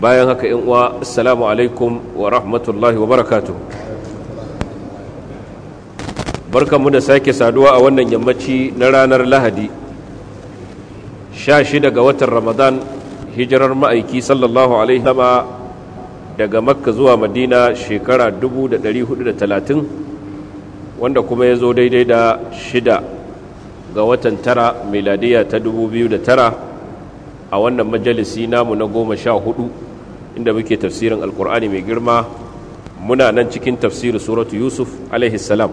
bayan haka in uwa assalamu alaikum wa rahmatullahi wa barakatuh barkanmu da sake saduwa a wannan yammaci na ranar lahadi 16 ga watan ramadan hijirar ma'aiki sallallahu alaihi sama daga makka zuwa madina shekara 1430 wanda kuma ya zo daidai da shida ga watan tara meladiya ta 2009 a wannan majalisi namu na goma sha hudu inda muke tafsirin alkur'ani mai girma muna nan cikin tafsiri suratu yusuf salam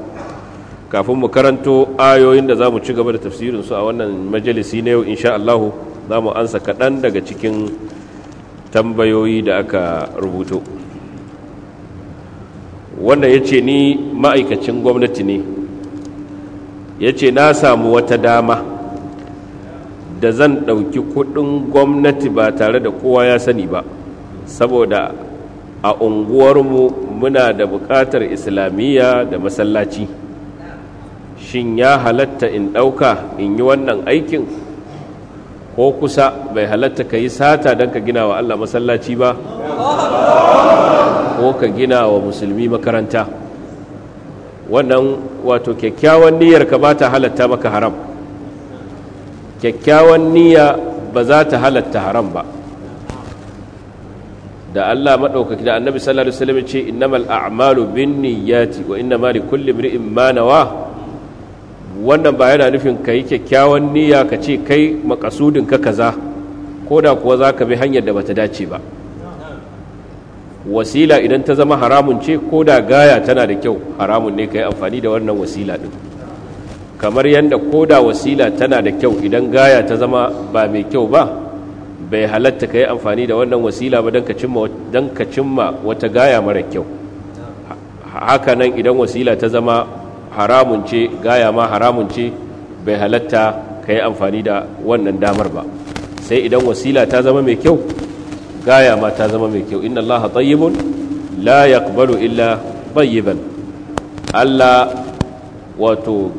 kafin mu karanto ayoyin da za mu ci gaba da tafsirin su a wannan majalisi na yau insha Allah za mu ansa kaɗan daga cikin tambayoyi da aka rubuto wanda ya ce ni ma'aikacin gwamnati ne ya ce na samu wata dama da zan ɗauki kuɗin gwamnati ba tare da kowa ya sani ba saboda a unguwarmu muna da bukatar islamiyya da masallaci shin ya halatta in ɗauka in yi wannan aikin ko kusa bai halatta ka yi sata don ka gina wa Allah masallaci ba ko ka gina wa musulmi makaranta wannan wato kyakkyawan niyyar ka ba ta halatta maka haram kyakkyawan niyya ba za ta halatta haram ba da Allah madaukaki da annabi sallallahu alaihi wasallam ce innamal a'malu binniyati wa innama kulli imrin ma nawa wannan ba yana nufin kai kyakkyawan niyya ka ce kai makasudin ka kaza Ko da kuwa zaka bi hanyar da bata dace ba wasila idan ta zama haramun ce ko da gaya tana da kyau haramun ne kai amfani da wannan wasila din kamar yadda da wasila tana da kyau idan gaya ta zama ba mai kyau ba bai halatta ka yi amfani da wannan wasila ba don ka cimma wata gaya mara kyau haka nan idan wasila ta zama haramun ce gaya ma haramun ce bai halatta ka yi amfani da wannan damar ba sai idan wasila ta zama mai kyau gaya ma ta zama mai kyau inna allaha tayyibun la yaqbalu illa tayyiban allah wato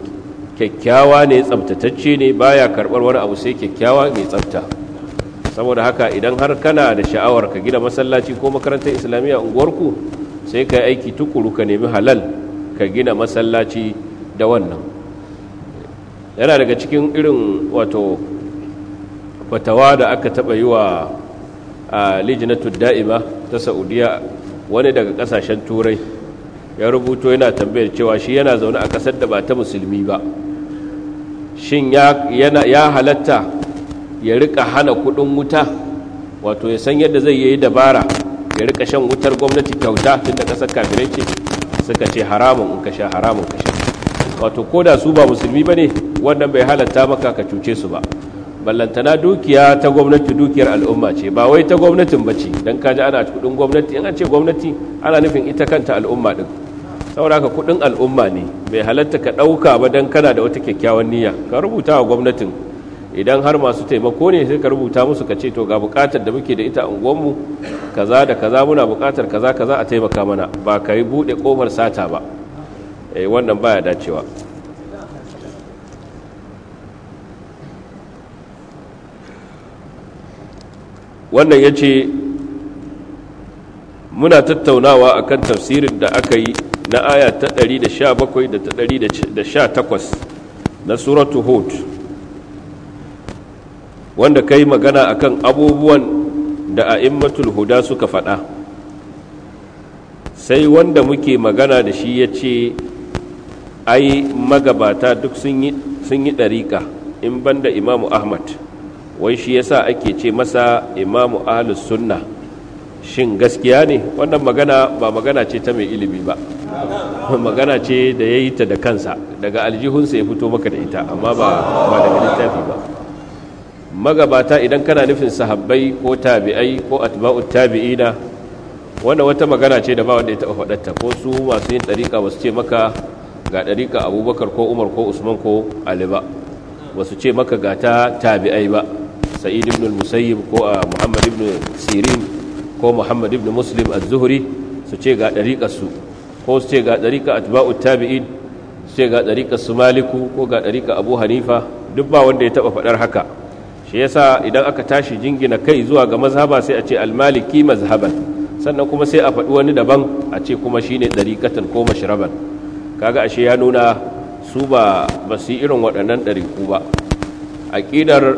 kyakkyawa ne tsabtatacce ne baya karbar wani abu sai kyakkyawa mai tsabta saboda haka idan har kana da sha'awar ka gina masallaci ko makarantar islamiyya unguwarku sai ka yi aiki tukuru ka nemi halal ka gina masallaci da wannan yana daga cikin irin wato fatawa da aka taɓa yi wa lijinatu da'ima ta saudiya wani daga ƙasashen turai ya rubuto yana tambayar cewa shi yana zaune a ƙasar da ba ta musulmi ba shin ya halatta ya rika hana kudin wuta wato ya san yadda zai yi dabara ya rika shan wutar gwamnati kyauta tun da kasar kafirai ce suka ce haramun in ka haramun ka wato ko da su ba musulmi ba ne wannan bai halatta maka ka cuce su ba ballantana dukiya ta gwamnati dukiyar al'umma ce ba wai ta gwamnatin ba ce don kaji ana kudin gwamnati in an ce gwamnati ana nufin ita kanta al'umma din saboda ka kudin al'umma ne bai halatta ka ɗauka ba don kana da wata kyakkyawan niyya ka rubuta wa gwamnatin idan har masu taimako ne sai ka rubuta musu ka ce to ga bukatar da muke da ita a unguwanmu kaza da kaza muna bukatar kaza kaza a taimaka mana ba ka yi buɗe ƙofar sata ba eh wannan baya dacewa wannan ya ce muna tattaunawa a kan tafsirin da aka yi na aya ta 117 da 118 na suratu hud wanda kai magana akan abubuwan da a'immatul huda suka faɗa sai wanda muke magana da shi ya ce ai magabata duk sun yi ɗariƙa in banda imamu ahmad wai shi yasa ake ce masa imamu ahlus sunna shin gaskiya ne wannan magana ba magana ce ta mai ilimi ba magana ce da ya yi ta da kansa daga aljihunsa ya fito maka da ita amma ba daga littafi ba magabata idan kana nufin sahabbai ko tabi'ai ko atba'ut tabi'ina wannan wata magana ce da ba wanda ya taba faɗarta ko su masu yin ɗariƙa ba su ce maka ga ɗariƙa abubakar ko umar ko usman ko ali ba ba su ce maka ga ta tabi'ai ba sa'id ibn musayyib ko a ah, muhammad ibn sirin ko muhammad ibn muslim az-zuhri su ce ga ɗariƙar su ko su ce ga ɗariƙa atba'ut tabi'in su ce ga ɗariƙar su maliku ko ga ɗariƙa abu hanifa duk ba wanda ya taba fadar haka shi yasa idan aka tashi jingina kai zuwa ga mazhaba sai a ce almaliki mazhaban sannan kuma sai a faɗi wani daban a ce kuma shine ɗariƙatan ko mashraban kaga ashe ya nuna su ba ba su irin waɗannan ɗariƙu ba aƙidar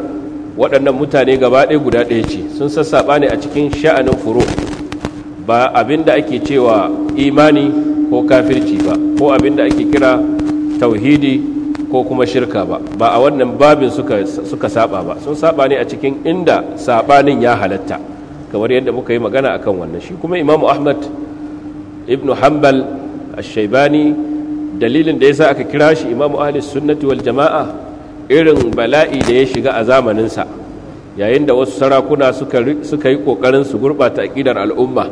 waɗannan mutane gaba ɗaya guda ɗaya ce sun sassaɓa ne a cikin sha'anin furo ba abin da ake cewa imani ko kafirci ba ko abin da ake kira tauhidi ko kuma shirka ba ba a wannan babin suka, suka saba ba sun saba ne a cikin inda sabanin ya halatta kamar yadda muka yi magana akan wannan shi kuma imamu ahmad ibn hanbal shaibani dalilin da ya sa aka kira shi imamu ahli sunnati wal jama'a irin bala'i da ya shiga a zamaninsa yayin da wasu sarakuna suka yi kokarin su gurbata aƙidar al'umma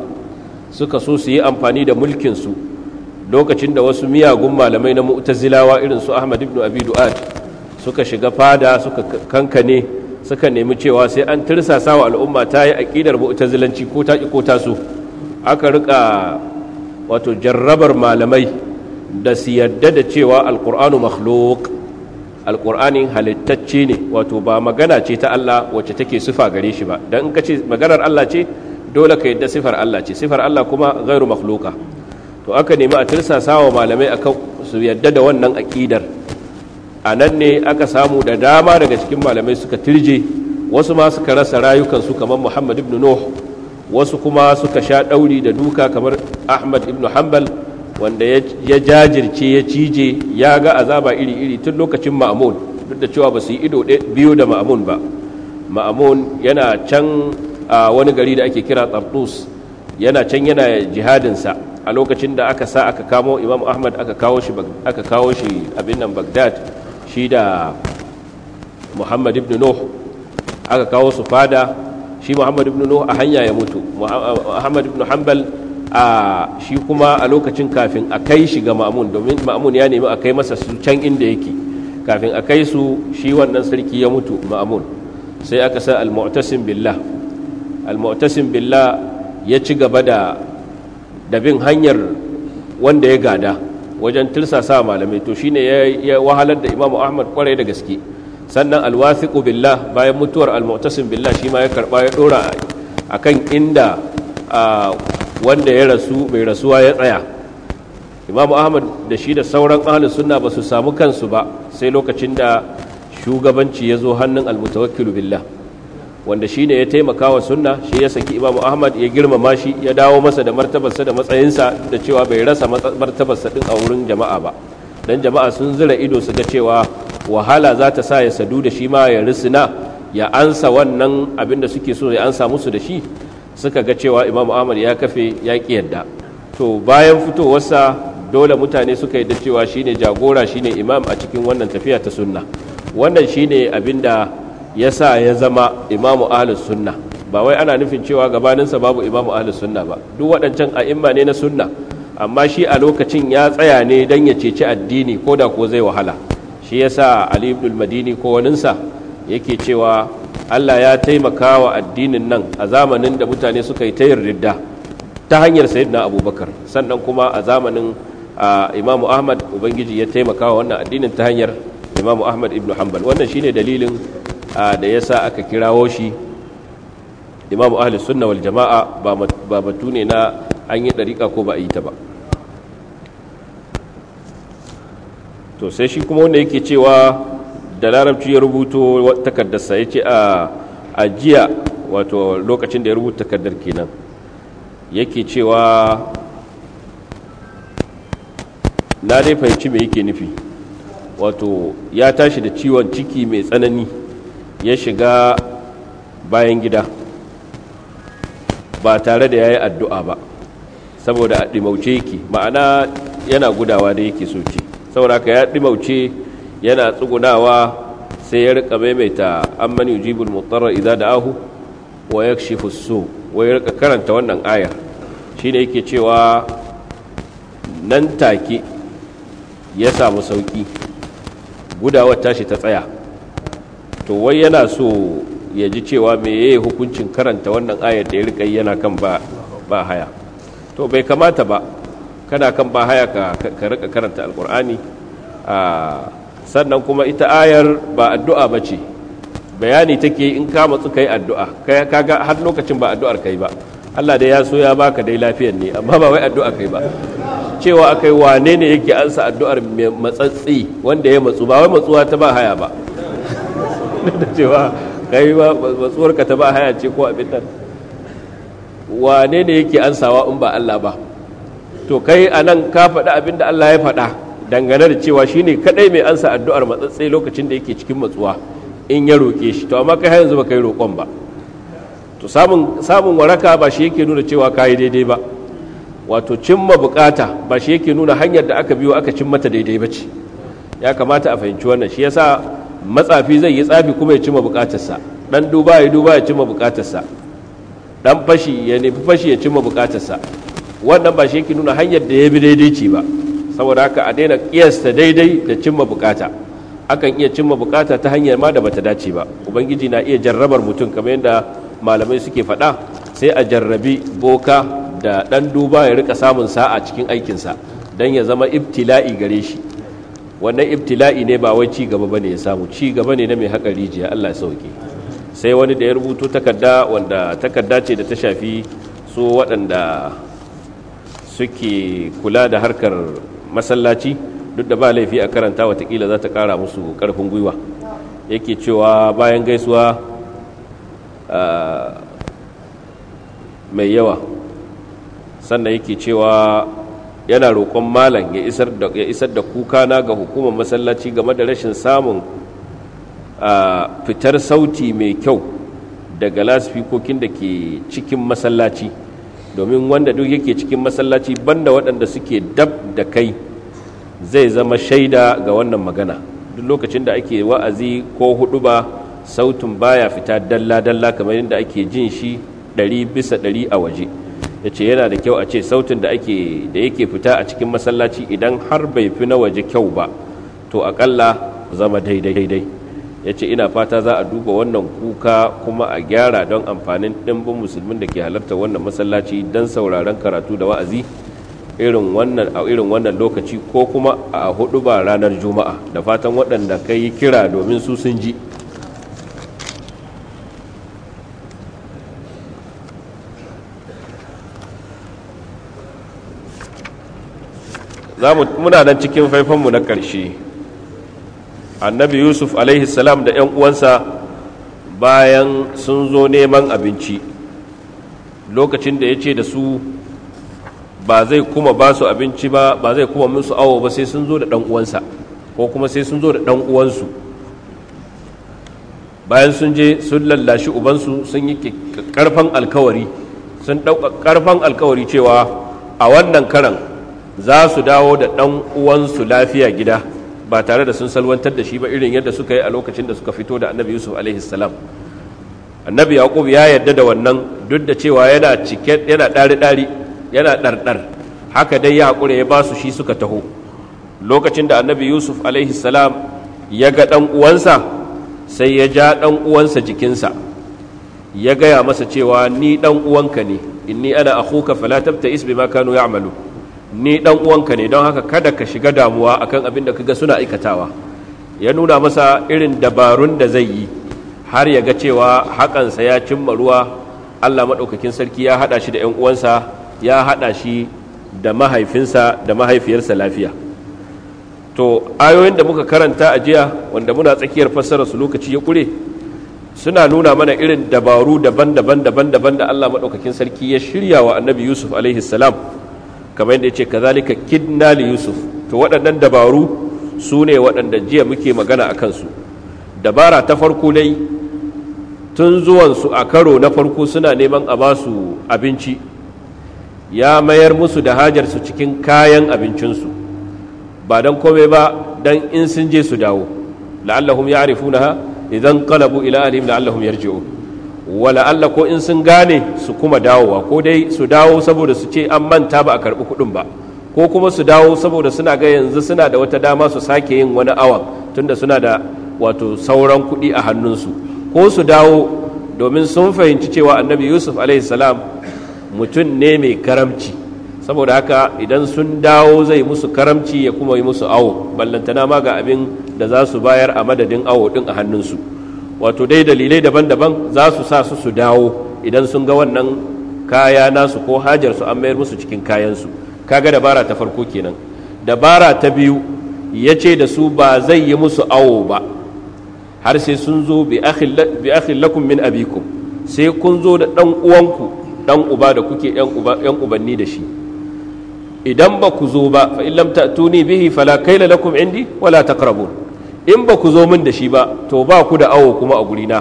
suka so su yi amfani da mulkinsu lokacin da wasu miyagun malamai na mu'tazilawa irin su ahmad ibn abi du'ad suka shiga fada suka kankane suka nemi cewa sai an tirsasa wa al'umma ta yi aƙidar mu'tazilanci ko ta ko ta su aka rika wato jarrabar malamai da su yarda da cewa alqur'anu makhluq alqur'ani halittacce ne wato ba magana ce ta Allah wacce take sifa gare shi ba dan in ka ce maganar Allah ce dole ka yadda sifar Allah ce sifar Allah kuma ghairu makhluqa to aka nemi a tirsasa wa malamai akan su yadda da wannan aƙidar a nan ne aka samu da dama daga cikin malamai suka tirje wasu ma suka rasa rayukansu kamar muhammad ibn nuh wasu kuma suka sha ɗauri da duka kamar ahmad ibn hanbal wanda ya jajirce ya cije ya ga azaba iri-iri tun lokacin ma'amun duk da cewa ba su yi ido biyu da ma'amun ba ma'amun yana can a wani gari da ake kira tsartus yana can yana jihadinsa a lokacin da aka sa aka kamo imam ahmad aka kawo shi abin nan bagdad shi da muhammad ibn nuh aka kawo su fada shi muhammad ibn nuh a hanya ya mutu muhammad ibn hanbal a shi kuma a lokacin kafin a kai shi ga ma'amun domin ma'amun ya nemi a kai masa su can inda yake kafin a kai su shi wannan sarki ya mutu ma'amun sai aka sa al-mu'tasim billah al-mu'tasim billah ya ci gaba da da bin hanyar wanda ya gada wajen tirsasa malamai to shine ya wahalar da imamu ahmad kwarai da gaske sannan alwathiqu billah bayan mutuwar almu'tasim billah shi ma ya karba ya dora akan inda wanda ya rasu bai rasuwa ya tsaya imamu ahmad da shi da sauran ahlus sunna ba su samu kansu ba sai lokacin da shugabanci ya zo hannun almutawakkilu billah wanda shi ne ya taimaka wa sunna shi ya saki imamu ahmad ya girmama shi ya dawo masa da martabarsa da matsayinsa da cewa bai rasa martabarsa din a wurin jama'a ba dan jama'a sun zira ido su ga cewa wahala za ta sa ya sadu da shi ma ya risina ya ansa wannan abin da suke so ya ansa musu da shi suka ga cewa imamu ahmad ya kafe ya ƙi yadda to bayan fitowarsa dole mutane suka yi da cewa shine jagora shine imam a cikin wannan tafiya ta sunna wannan shine abin da ya sa ya zama imamu ahlus sunna ba wai ana nufin cewa gabaninsa babu imamu ahlus sunna ba duk waɗancan a'imma ne na sunna amma shi a lokacin ya tsaya ne don ya ceci addini ko da ko zai wahala shi ya sa ali ibn madini ko waninsa yake cewa allah ya taimaka wa addinin nan a zamanin da mutane suka yi tayar ridda ta hanyar sayyidina abubakar sannan kuma a zamanin imamu ahmad ubangiji ya taimaka wa wannan addinin ta hanyar imamu ahmad ibn hanbal wannan shine dalilin da sa aka kirawo shi imamu ahli sunna wal jama'a ba batu ne na an yi ɗariƙa ko ba a yi ta ba to sai shi kuma wanda yake cewa da larabci ya rubuto takardarsa ya ce a jiya wato lokacin da ya rubuta takardar kenan yake cewa na dai fahimci me yake nufi wato ya tashi da ciwon ciki mai tsanani ya shiga bayan gida ba tare da ya yi addu'a ba saboda a ɗimauce yake ma'ana yana gudawa da yake soci saboda haka ya ɗimauce yana tsugunawa sai ya rika maimaita an amman mutarar iza da ahu. wa shi fuso wa ya rika karanta wannan ayar Shi shine yake cewa nan take ya samu sauƙi. gudawar tashi ta tsaya to wai yana so ya ji cewa meye hukuncin karanta wannan ayar da ya riƙa yana kan ba haya to bai kamata ba kana kan ba haya ka riƙa karanta alkur'ani ah, sannan kuma ita ayar ba addu'a ba ce bayani take in ka matsu ka yi addu'a kaga har lokacin ba addu'ar ka yi ba Allah da ya so ya baka dai lafiyar ne amma ba wai addu'a ka yi ba cewa akai wane ne yake ansa addu'ar matsatsi wanda ya matsu ba wai matsuwa ta ba haya ba da cewa kai ba matsuwar ka ta ba haya ce ko abin nan wane ne yake ansawa in ba Allah ba to kai anan ka faɗa abin da Allah ya faɗa dangane da cewa shine kaɗai mai ansa addu'ar matsatsai lokacin da yake cikin matsuwa in ya roke shi to amma kai yanzu ba kai roƙon ba to samun waraka ba shi yake nuna cewa kai daidai ba wato cimma bukata ba shi yake nuna hanyar da aka biyo aka cimma ta daidai ba ce ya kamata a fahimci wannan shi yasa matsafi zai yi tsafi kuma ya cima bukatarsa dan duba ya duba ya cima bukatarsa dan fashi ya nufi fashi ya cima bukatarsa wannan ba shi nuna hanyar da ya bi daidai ce ba saboda haka a daina kiyasta daidai da cimma bukata akan iya cimma bukata ta hanyar ma da bata dace ba ubangiji na iya jarrabar mutum kamar yadda malamai suke faɗa sai a jarrabi boka da ɗan duba ya rika samun sa'a cikin aikinsa don ya zama ibtila'i gare shi wannan ibtila'i ne ba wai ci gaba ba ne ya samu ci gaba ne na mai haƙa rijiya Allah sauke sai wani da ya rubuto takarda wanda takarda ce da ta shafi su waɗanda suke kula da harkar masallaci duk da ba laifi a karanta watakila za ta ƙara musu ƙarfin gwiwa yake cewa bayan gaisuwa mai yawa sannan yake cewa yana roƙon malam ya isar da ya isar kukana ga hukumar masallaci game da rashin samun fitar sauti mai kyau daga lasfikokin da ke cikin masallaci domin wanda duk yake cikin masallaci banda waɗanda suke dab da kai zai zama shaida ga wannan magana duk lokacin da ake wa'azi ko hudu ba sautin baya fita dalla-dalla kamar yadda ake jin shi ɗari bisa ɗari a waje ya ce yana da kyau a ce sautin da ake da yake fita a cikin masallaci idan har bai fi na waje kyau ba to akalla zama daidai ya ce ina fata za a duba wannan kuka kuma a gyara don amfanin ɗimbin musulmin da ke halarta wannan masallaci don sauraron karatu da wa'azi irin wannan a irin wannan lokaci ko kuma a hudu ba ranar juma'a da fatan waɗanda ka yi kira domin su sun ji muna nan cikin faifanmu na ƙarshe annabi yusuf salam da 'yan uwansa bayan sun zo neman abinci lokacin da ya ce da su ba zai kuma ba su abinci ba ba zai kuma musu awo ba sai sun zo da ɗan uwansa ko kuma sai sun zo da ɗan uwansu bayan sun je sun lallashi ubansu sun yi karfan alkawari sun ɗauka ƙarfan alkawari cewa a wannan karan za su dawo da ɗan uwansu lafiya gida ba tare da sun salwantar da shi ba irin yadda suka yi a lokacin da suka fito da annabi yusuf salam annabi yaqub ya yadda da wannan duk da cewa yana cike yana ɗari ɗari yana ɗarɗar haka dai ya hakure ya basu shi suka taho lokacin da annabi yusuf alaihi salam ya ga ɗan uwansa sai ya ja ɗan uwansa jikinsa ya gaya masa cewa ni ɗan uwanka ne inni ana akhuka fala tabta isbi makano kanu ya'malu ni dan uwanka ne don haka kada ka shiga damuwa akan abin da kaga suna aikatawa ya nuna masa irin dabarun da zai yi har ya ga cewa sa ya cimma ruwa Allah maɗaukakin sarki ya haɗa shi da 'yan uwansa ya haɗa shi da mahaifinsa da mahaifiyarsa lafiya to ayoyin da muka karanta a jiya wanda muna tsakiyar fassara su lokaci ya kure suna nuna mana irin dabaru daban-daban daban-daban da Allah maɗaukakin sarki ya shirya wa annabi yusuf alaihi salam kamar yadda ce kazalika kidna li yusuf to waɗannan dabaru su ne waɗanda jiya muke magana a kansu dabara ta farko dai tun zuwansu a karo na farko suna neman a basu abinci ya mayar musu da hajarsu cikin kayan abincinsu ba don komai ba don in sun je su dawo la'allahum ya ha idan kalabu ila alihim la'allahum yarji'un wala Allah ko in sun gane su kuma dawowa ko dai su dawo saboda su ce an manta ba a karɓi kuɗin ba ko kuma su dawo saboda suna ga yanzu suna da wata dama su sake yin wani awan tunda suna da wato sauran kuɗi a hannunsu ko su dawo domin sun fahimci cewa annabi yusuf salam mutum ne mai karamci saboda haka idan sun dawo zai musu karamci ya kuma yi musu awo ballantana ma ga abin da za su bayar a madadin awo ɗin a hannunsu wato dai dalilai daban-daban za su sa su su dawo idan sun ga wannan kaya nasu ko hajarsu an mayar musu cikin kayansu kaga dabara ta farko kenan dabara ta biyu ya ce da su ba zai yi musu awo ba har sai sun zo bi akhin min abikum sai kun zo da dan uwanku dan uba da kuke yan ubanni da shi idan ba ku zo ba fa in lam ta'tuni bihi fala kayla lakum indi wala taqrabun in ba ku zo min da shi ba to ba ku da awo kuma a gurina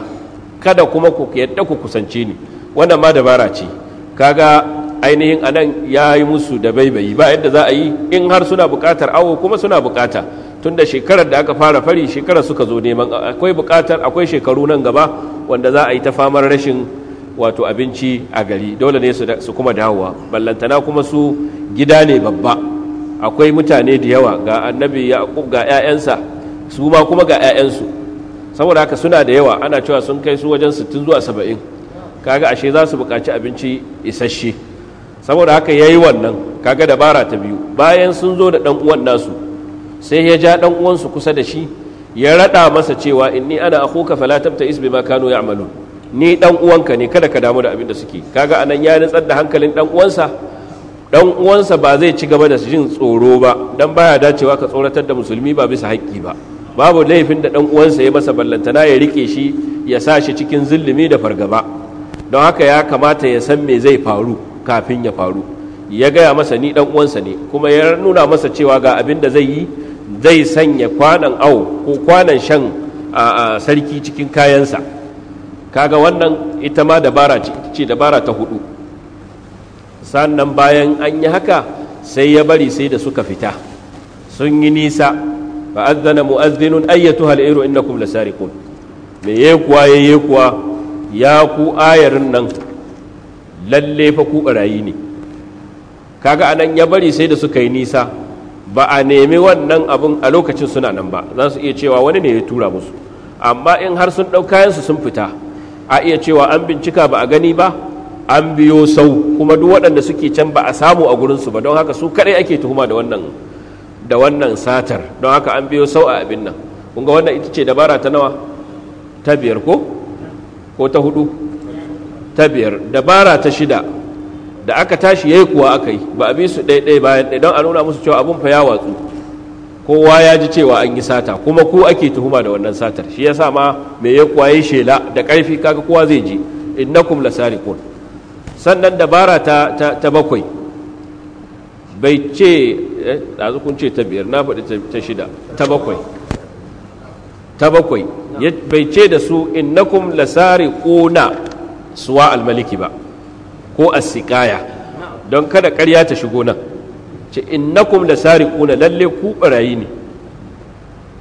kada kuma ku yadda ku kusance ni wannan ma dabara ce kaga ainihin anan ya yi musu da baibayi ba yadda za a yi in har suna buƙatar awo kuma suna buƙata tun da shekarar da aka fara fari shekarar suka zo neman akwai buƙatar akwai shekaru nan gaba wanda za a yi ta famar rashin wato abinci a gari dole ne su kuma dawowa ballantana kuma su gida ne babba akwai mutane da yawa ga annabi ya ga 'ya'yansa su ma kuma ga 'ya'yansu saboda haka suna da yawa ana cewa sun kai su wajen sittin zuwa saba'in kaga ashe za su buƙaci abinci isasshe saboda haka ya yi wannan kaga dabara ta biyu bayan sun zo da uwan nasu sai ya ja uwansu kusa da shi ya raɗa masa cewa in ni ana ka fala ta isbe ma kano ya'malun ni dan ne kada ka damu da abin da suke kaga a nan ya nutsar da hankalin dan uwansa ba zai ci gaba da jin tsoro ba don baya dacewa ka tsoratar da musulmi ba bisa haƙƙi ba babu laifin da dan uwansa ya masa ballantana ya rike shi ya sa shi cikin zulumi da fargaba don haka ya kamata ya san me zai faru kafin ya faru ya gaya masa ni dan uwansa ne kuma ya nuna masa cewa ga abin da zai yi zai sanya kwanan au ko kwanan shan a sarki cikin kayansa kaga wannan ita ma dabara ce dabara ta hudu sannan bayan an yi haka sai ya bari sai da suka fita sun yi nisa fa azana mu'azzinun ayyatuha al-iru innakum lasariqun me ye kuwa ye kuwa ya ku ayarin nan lalle fa ku barayi ne kaga anan ya bari sai da suka yi nisa ba a nemi wannan abun a lokacin suna nan ba za su iya cewa wani ne ya tura musu amma in har sun ɗau kayansu sun fita a iya cewa an bincika ba a gani ba an biyo sau kuma duk waɗanda suke can ba a samu a gurinsu ba don haka su kaɗai ake tuhuma da wannan da wannan satar don haka an biyo sau a abin nan kunga wannan ita ce dabara ta nawa ta biyar ko ko ta hudu ta biyar dabara ta shida da aka tashi yayi kuwa aka yi ba a bi su ɗaiɗai bayan ɗai don a nuna musu cewa abun fa ya watsu kowa ya ji cewa an yi sata kuma ku ake tuhuma da wannan satar shi ya sa ma me ya kwaye shela da ƙarfi kaga kowa zai ji innakum lasariqun sannan dabara ta, ta bakwai bai ce eh, ɗazu kun ce ta biyar na faɗi ta shida ta bakwai ta bakwai bai ce da su innakum lasari ƙuna suwa almaliki ba ko sikaya don kada ƙarya ta shigo nan ce innakum lasari ƙuna lalle ku barayi ne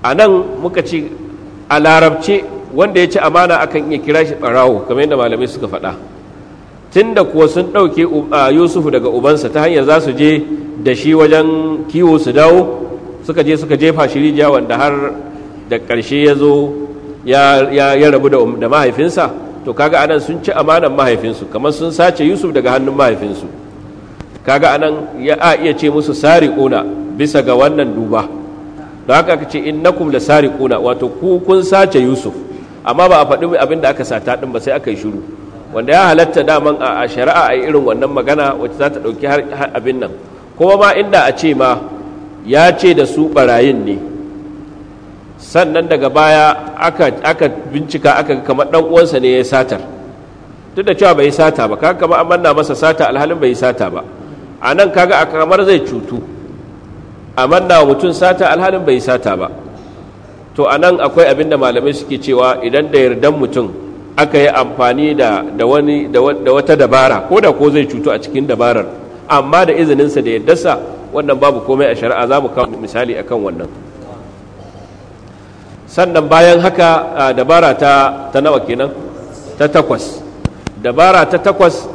a nan muka ce a larabce wanda ya ci amana akan iya kira shi ɓarawo kamar yadda malamai suka faɗa tunda kuwa sun ɗauke yusuf daga ubansa ta hanyar za su je da shi wajen kiwo su dawo suka je suka jefa shi rijiya wanda har da ƙarshe ya zo ya rabu um, da mahaifinsa to kaga anan sun ci amanan mahaifinsu kamar sun sace yusuf daga hannun mahaifinsu kaga anan ya a iya ce musu sariquna bisa ga wannan duba da haka aka ce da sari sariquna wato ku kun sace yusuf amma ba a faɗi abin da aka sata din ba sai aka yi shiru wanda ya halatta daman a shari'a a irin wannan magana wacce za ta ɗauki har abin nan kuma ma inda a ce ma ya ce da su barayin ne sannan daga baya aka bincika aka kamar ɗan uwansa ne ya satar duk da cewa bai sata ba kaga kamar an manna masa sata alhalin bai sata ba a nan kaga a kamar zai cutu a manna mutum sata alhalin bai sata ba to a nan akwai abin da malamai suke cewa idan da yardan mutum aka yi amfani da wata dabara ko da ko zai cutu a cikin dabarar amma da izininsa da yaddarsa wannan babu komai a shari'a za mu kawo misali a kan wannan sannan bayan haka dabara ta nawa kenan ta takwas dabara ta takwas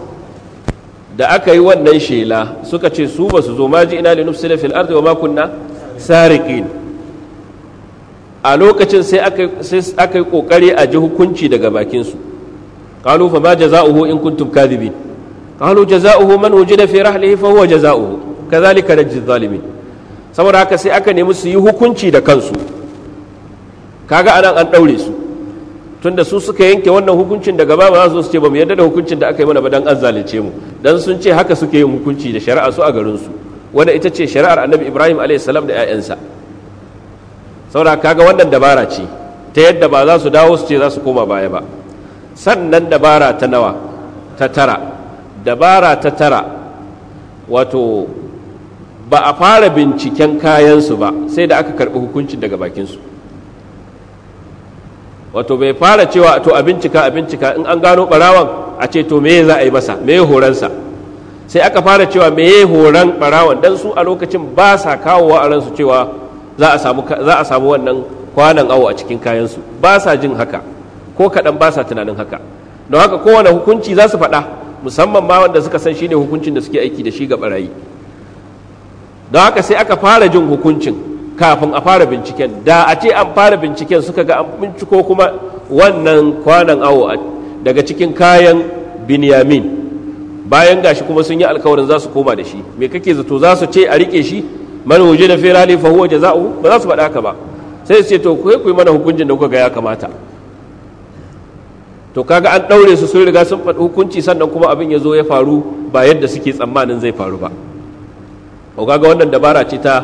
da aka yi wannan shela suka ce su ba su zo maji ina li nufsida fil ardi wa ma kunna sariqin a lokacin sai aka yi kokari a ji hukunci daga bakinsu qalu fa ma jaza'uhu in kuntum kadhibin qalu jaza'uhu man wujida fi rahlihi fa huwa jaza'uhu kadhalika najzi zalimin saboda haka sai aka nemi su yi hukunci da kansu kaga anan an daure su tunda su suka yanke wannan hukuncin daga ba za su ce ba mu yarda da hukuncin da aka yi mana ba dan an zalunce mu dan sun ce haka suke yin hukunci da shari'a su a garin su wanda ita ce shari'ar annabi ibrahim alayhi salam da 'ya'yansa saboda kaga wannan dabara ce ta yadda ba za su dawo su ce za su koma baya ba sannan dabara ta nawa ta tara dabara ta tara wato ba a fara binciken kayansu ba sai da aka karɓi hukuncin daga bakinsu wato bai fara cewa to a bincika a bincika in an gano barawan a ce to meye za a yi masa meye horonsa sai aka fara cewa meye horan barawan dan su a lokacin ba sa kawowa a ransu cewa za a samu wannan kwanan awo a cikin kayansu ba sa jin haka ko kaɗan ba sa tunanin haka don haka kowane hukunci za su faɗa musamman ma wanda suka san shine hukuncin da suke aiki da shi ga barayi don haka sai aka fara jin hukuncin kafin a fara binciken da a ce an fara binciken suka ga an binciko kuma wannan kwanan awo daga cikin kayan binyamin bayan gashi kuma sun yi alkawarin za su koma da shi me kake zato za su ce a rike shi man wujida fi rali fa huwa jaza'u ba za su faɗa ka ba sai su ce to ku yi mana hukuncin da kuka ga ya kamata to kaga an ɗaure su sun riga sun faɗi hukunci sannan kuma abin ya zo ya faru ba yadda suke tsammanin zai faru ba ko kaga wannan dabara ce ta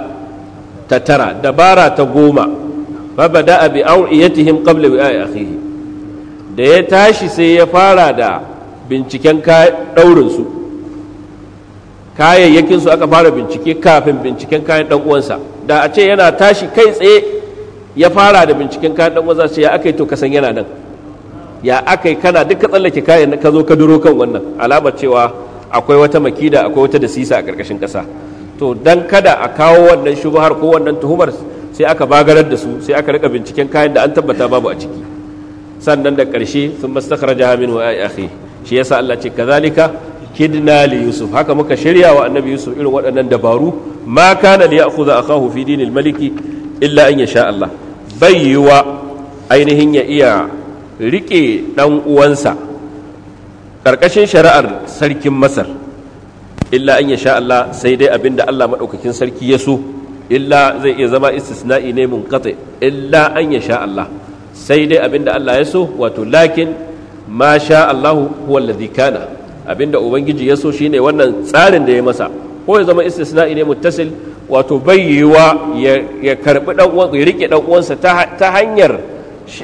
dabara ta goma fa bada'a bi awiyatihim qabla wi'a'i akhihi da ya tashi sai ya fara da binciken ɗaurinsu kayayyakin su aka fara bincike kafin binciken kayan dan uwansa da a ce yana tashi kai tsaye ya fara da binciken kayan dan uwansa sai ya akai to kasan yana nan ya akai kana duka tsallake kayan ka zo ka duro kan wannan alamar cewa akwai wata makida akwai wata dasisa a karkashin kasa to dan kada a kawo wannan shubhar ko wannan tuhumar sai aka bagarar da su sai aka rika binciken kayan da an tabbata babu a ciki sannan da karshe sun mastakharaja min wa akhi shi yasa Allah ce kazalika kidna li yusuf haka muka shirya wa annabi yusuf irin waɗannan dabaru ma kana li ya'khudha akahu fi dinil maliki illa an yasha Allah bai yiwa ainihin ya iya rike dan uwansa karkashin shari'ar sarkin Masar illa an yasha Allah sai dai abinda Allah madaukakin sarki ya so illa zai iya zama istisna'i ne munqati illa an yasha Allah sai dai abinda Allah ya so wato lakin ma sha Allahu huwa alladhi kana abinda ubangiji ya so shine wannan tsarin da ya masa ko ya zama istisna'i ne muttasil wato bai ya karbi dan uwansa ya rike dan uwansa ta hanyar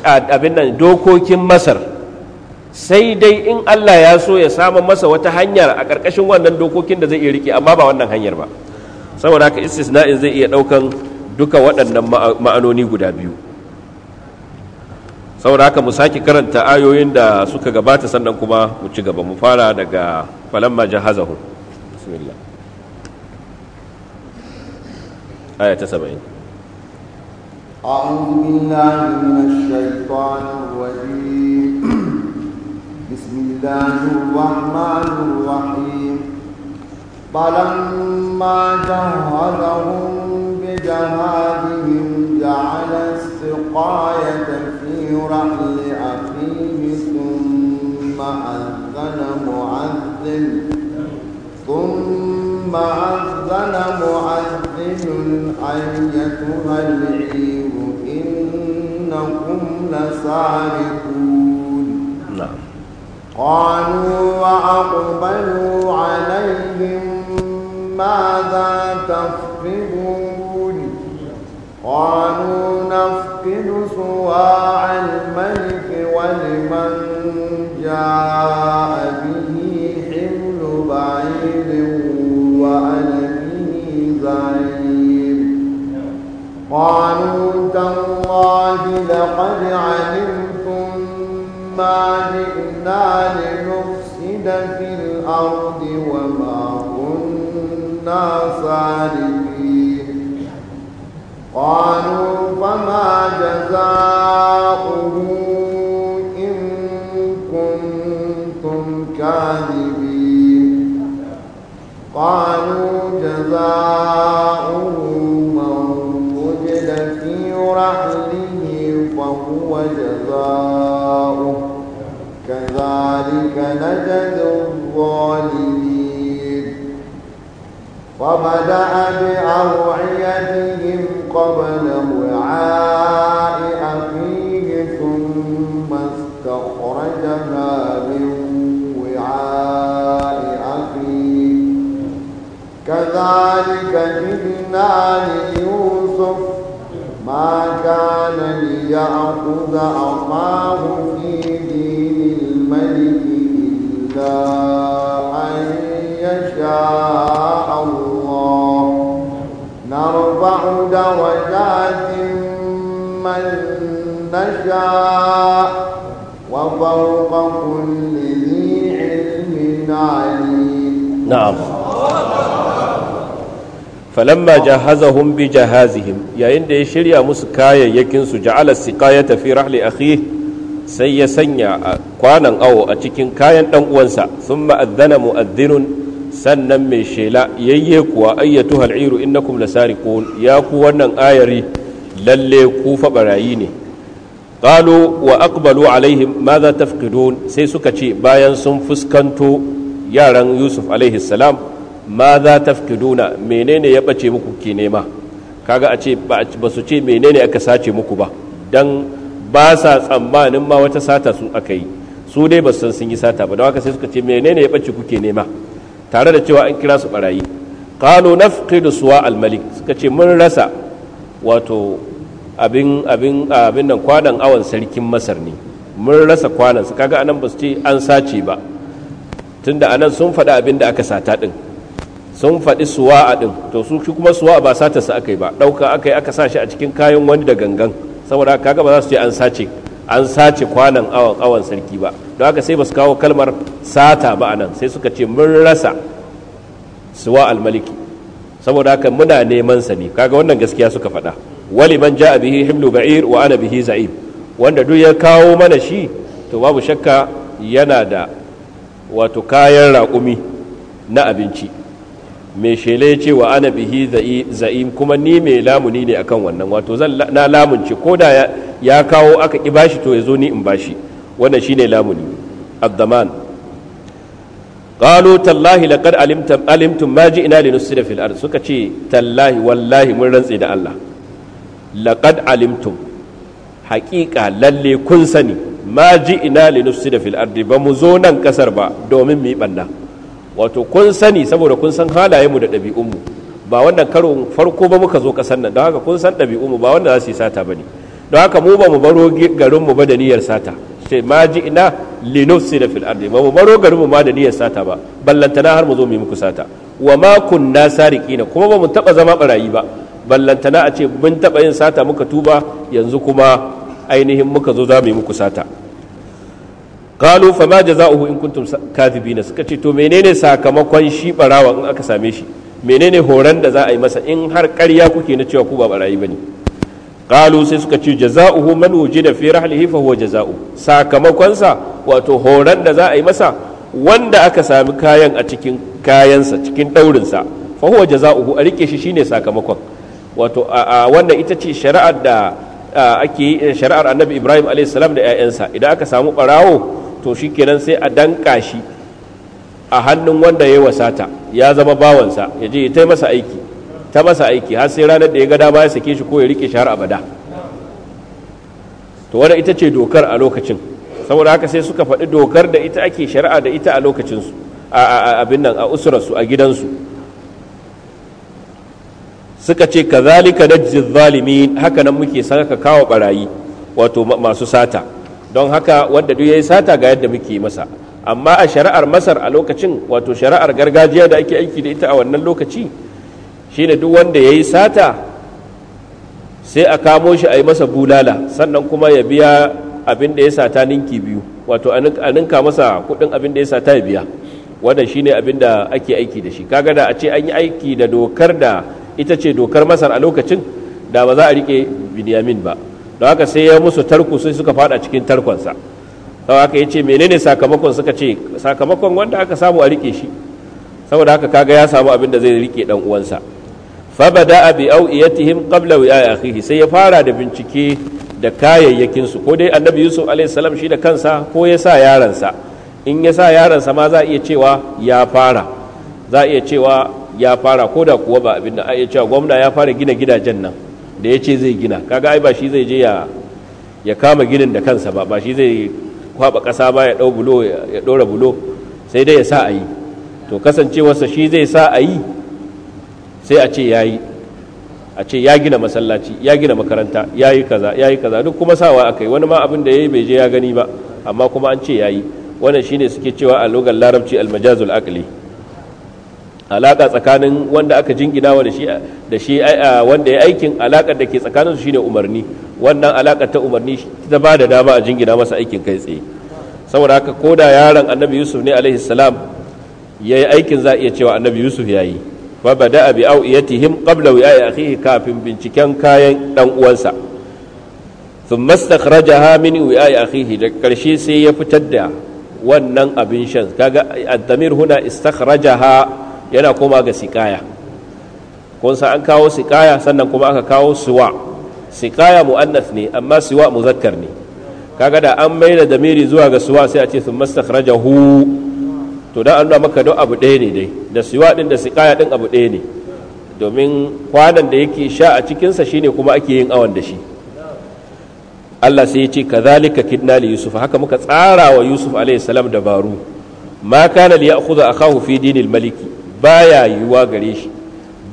abin nan dokokin masar sai dai in Allah ya so ya samu masa wata hanyar a ƙarƙashin wannan dokokin da zai iya rike amma ba wannan hanyar ba saboda haka istisna'in zai iya ɗaukan duka waɗannan ma'anoni guda biyu saboda haka mu sake karanta ayoyin da suka gabata sannan kuma mu ci gaba mu fara daga falamma jahazahu bismillah aya ta 70 أعوذ بالله من الشيطان الرجيم بسم الله الرحمن الرحيم فلما جهزهم بجهادهم جعل السقاية رحل أخيه ثم أذن معذن ثم أذن معذن أيتها العير إنكم لسارقون نعم قالوا وأقبلوا عليهم ماذا تفقدون قالوا نفقد سواع الملك ولمن جاء به حمل بعيد وأنا به زعيم قالوا تالله لقد علمتم ما جئنا لنفسد في الأرض وما كنا سالمين قالوا فما جزاؤه إن كنتم كاذبين قالوا جزاؤه من وجد في رحله فهو جزاؤه كذلك نجد الظالمين فبدأ بأوعيتهم قبل وعاء أخيه ثم استخرجها من وعاء أخيه كذلك جئنا ليوسف ما كان ليأخذ أخاه يشاء وفوق كل ذي علم عليم نعم فلما جهزهم بجهازهم يا إن يشري مسكايا يكنس جعل السقاية في رحل أخيه sai ya sanya kwanan awo a cikin kayan ɗan uwansa sun ma'addana mu'addinun sannan mai shela yayye kuwa ayyatu hal'iru innakum lasariqun ya ku wannan ayari lalle ku fa barayi ne qalu wa aqbalu alaihim madha tafqidun sai suka ce bayan sun fuskanto yaran yusuf alaihi salam madha tafqiduna menene ya bace muku ke nema kaga a ce ba su ce menene aka sace muku ba dan ba sa tsammanin ma wata sata su aka yi su dai ba san sun yi sata ba don haka sai suka ce menene ya bace kuke nema tare da cewa an kira su barayi qalu nafqidu suwa almalik suka ce mun rasa wato abin abin ah, abin nan kwanan awon sarkin masar ne mun rasa kwanan su kaga anan ba su ce an sace ba tunda anan sun faɗi abin da aka sata ɗin sun faɗi suwa'a ɗin to su kuma suwa'a ba sata su aka yi ba ɗauka aka yi aka sa shi a cikin kayan wani da gangan saboda kaga ba za su ce an sace an sace kwanan awon awon sarki ba don haka sai ba su kawo kalmar sata ba anan sai suka ce mun rasa suwa almaliki saboda haka muna neman sa ne kaga wannan gaskiya suka faɗa wali man ja'a bihi himlu ba'ir wa ana bihi za'im wanda duk ya kawo mana shi to babu shakka yana da wato kayan raƙumi na abinci mai shele ce wa ana bihi za'im kuma ni mai lamuni ne akan wannan wato zan na lamunci ko da ya kawo aka ki bashi to ya zo ni in bashi wannan shine lamuni addaman qalu tallahi laqad alimtum alimtum ma ji'na linusida fil suka ce tallahi wallahi mun rantse da Allah laqad alimtum haƙiƙa lalle kun sani ma ji ina linufsi da fil ardi ba mu zo nan ƙasar ba domin mu yi ɓanna wato kun sani saboda kun san halayenmu da ɗabi'unmu ba wannan karon farko ba muka zo ƙasar nan don haka kun san ɗabi'unmu ba wanda za su yi sata ba ne don haka mu ba mu baro garinmu ba da niyyar sata sai ma ji ina linufsi da fil ardi ba mu baro garinmu ba da niyyar sata ba ballantana har mu zo mu yi muku sata wa ma kunna sariqina kuma ba mu taɓa zama barayi ba ballantana a ce mun taɓa yin sata muka tuba yanzu kuma ainihin muka zo za mu yi muku sata kalu fa ma jaza'uhu in kuntum kadhibina suka ce to menene sakamakon shi barawa in aka same shi menene horon da za a yi masa in har ƙarya kuke na cewa ku ba barayi bane kalu sai suka ce jaza'uhu man wujida fi rahlihi fa huwa jaza'u sakamakon sa wato horon da za a yi masa wanda aka sami kayan a cikin kayansa cikin daurin sa fa huwa jaza'uhu a rike shi shine sakamakon wato wannan ita ce shari'ar da ake eh, shari'ar annabi ibrahim a.s. da 'ya'yansa idan aka samu barawo to shi kenan sai a danka shi a hannun wanda ya yi wasata ya zama bawansa ya je ta masa aiki ta masa aiki har sai ranar da ya ga dama ya sake shi ko ya rike shi har abada to wannan ita ce dokar a lokacin saboda haka sai suka faɗi dokar da ita ake shari'a da ita a lokacinsu a abin nan a usurarsu a gidansu suka ce kazalika najzi zalimin haka nan muke saka kawo barayi wato masu sata don haka wanda duk yayi sata ga yadda muke masa amma a shari'ar masar a lokacin wato shari'ar gargajiya da ake aiki da ita a wannan lokaci shine duk wanda yi sata sai a kamo shi a yi masa bulala sannan kuma ya biya abin da ya sata ninki biyu wato a ninka masa kudin abin da ya sata ya biya wannan shine abin da ake aiki da shi kaga da a ce an yi aiki da dokar da ita ce dokar masar a lokacin da ba za a rike binyamin ba don haka sai ya musu tarko sai suka fada cikin tarkonsa sau haka ya ce menene sakamakon suka ce sakamakon wanda aka samu a rike shi saboda haka kaga ya samu abin da zai rike dan uwansa fa bada bi awiyatihim qabla wa akhihi sai ya fara da bincike da kayayyakin su ko dai annabi yusuf alaihi salam shi da kansa ko ya sa yaransa in ya sa yaransa ma za a iya cewa ya fara za a iya cewa ya fara ko da kuwa ba abin da a iya cewa gwamna ya fara gina gidajen nan da ya ce zai gina kaga ai ba shi zai je ya kama ginin da kansa ba ba shi zai kwaba ƙasa ba ya ɗora bulo sai dai ya sa a yi to kasancewarsa shi zai sa a yi sai a ce ya yi a ce ya gina masallaci ya gina makaranta ya yi kaza ya kaza duk kuma sawa aka yi wani ma abin da ya yi bai je ya gani ba amma kuma an ce ya yi wannan shine suke cewa a lokacin larabci almajazul aqli alaka tsakanin wanda aka jingina wa da shi wanda ya aikin alakar da ke tsakanin tsakaninsu shine umarni wannan alakar ta umarni ta ba da dama a jingina masa aikin kai tsaye saboda haka ko da yaron annabi yusuf ne alaihi salam ya yi aikin za a iya cewa annabi yusuf ya yi ba ba da abi au kabla qabla ya akhihi kafin binciken kayan dan uwansa thumma mini min ya akhihi da karshe sai ya fitar da wannan abin shan kaga ad huna istakhrajaha yana koma ga sikaya kun an kawo sikaya sannan kuma aka kawo siwa sikaya mu'annas ne amma siwa muzakkar ne kaga da an mai da damiri zuwa ga suwa sai a ce sun mastakhrajahu to dan an maka don abu ɗaya ne dai da suwa din da sikaya din abu ɗaya ne domin kwanan da yake sha a cikinsa shine kuma ake yin awon da shi Allah sai ya ce ka kidna li yusuf haka muka tsara wa yusuf alayhi salam dabaru ma kana li ya'khudha akahu fi dinil maliki baya yiwuwa gare shi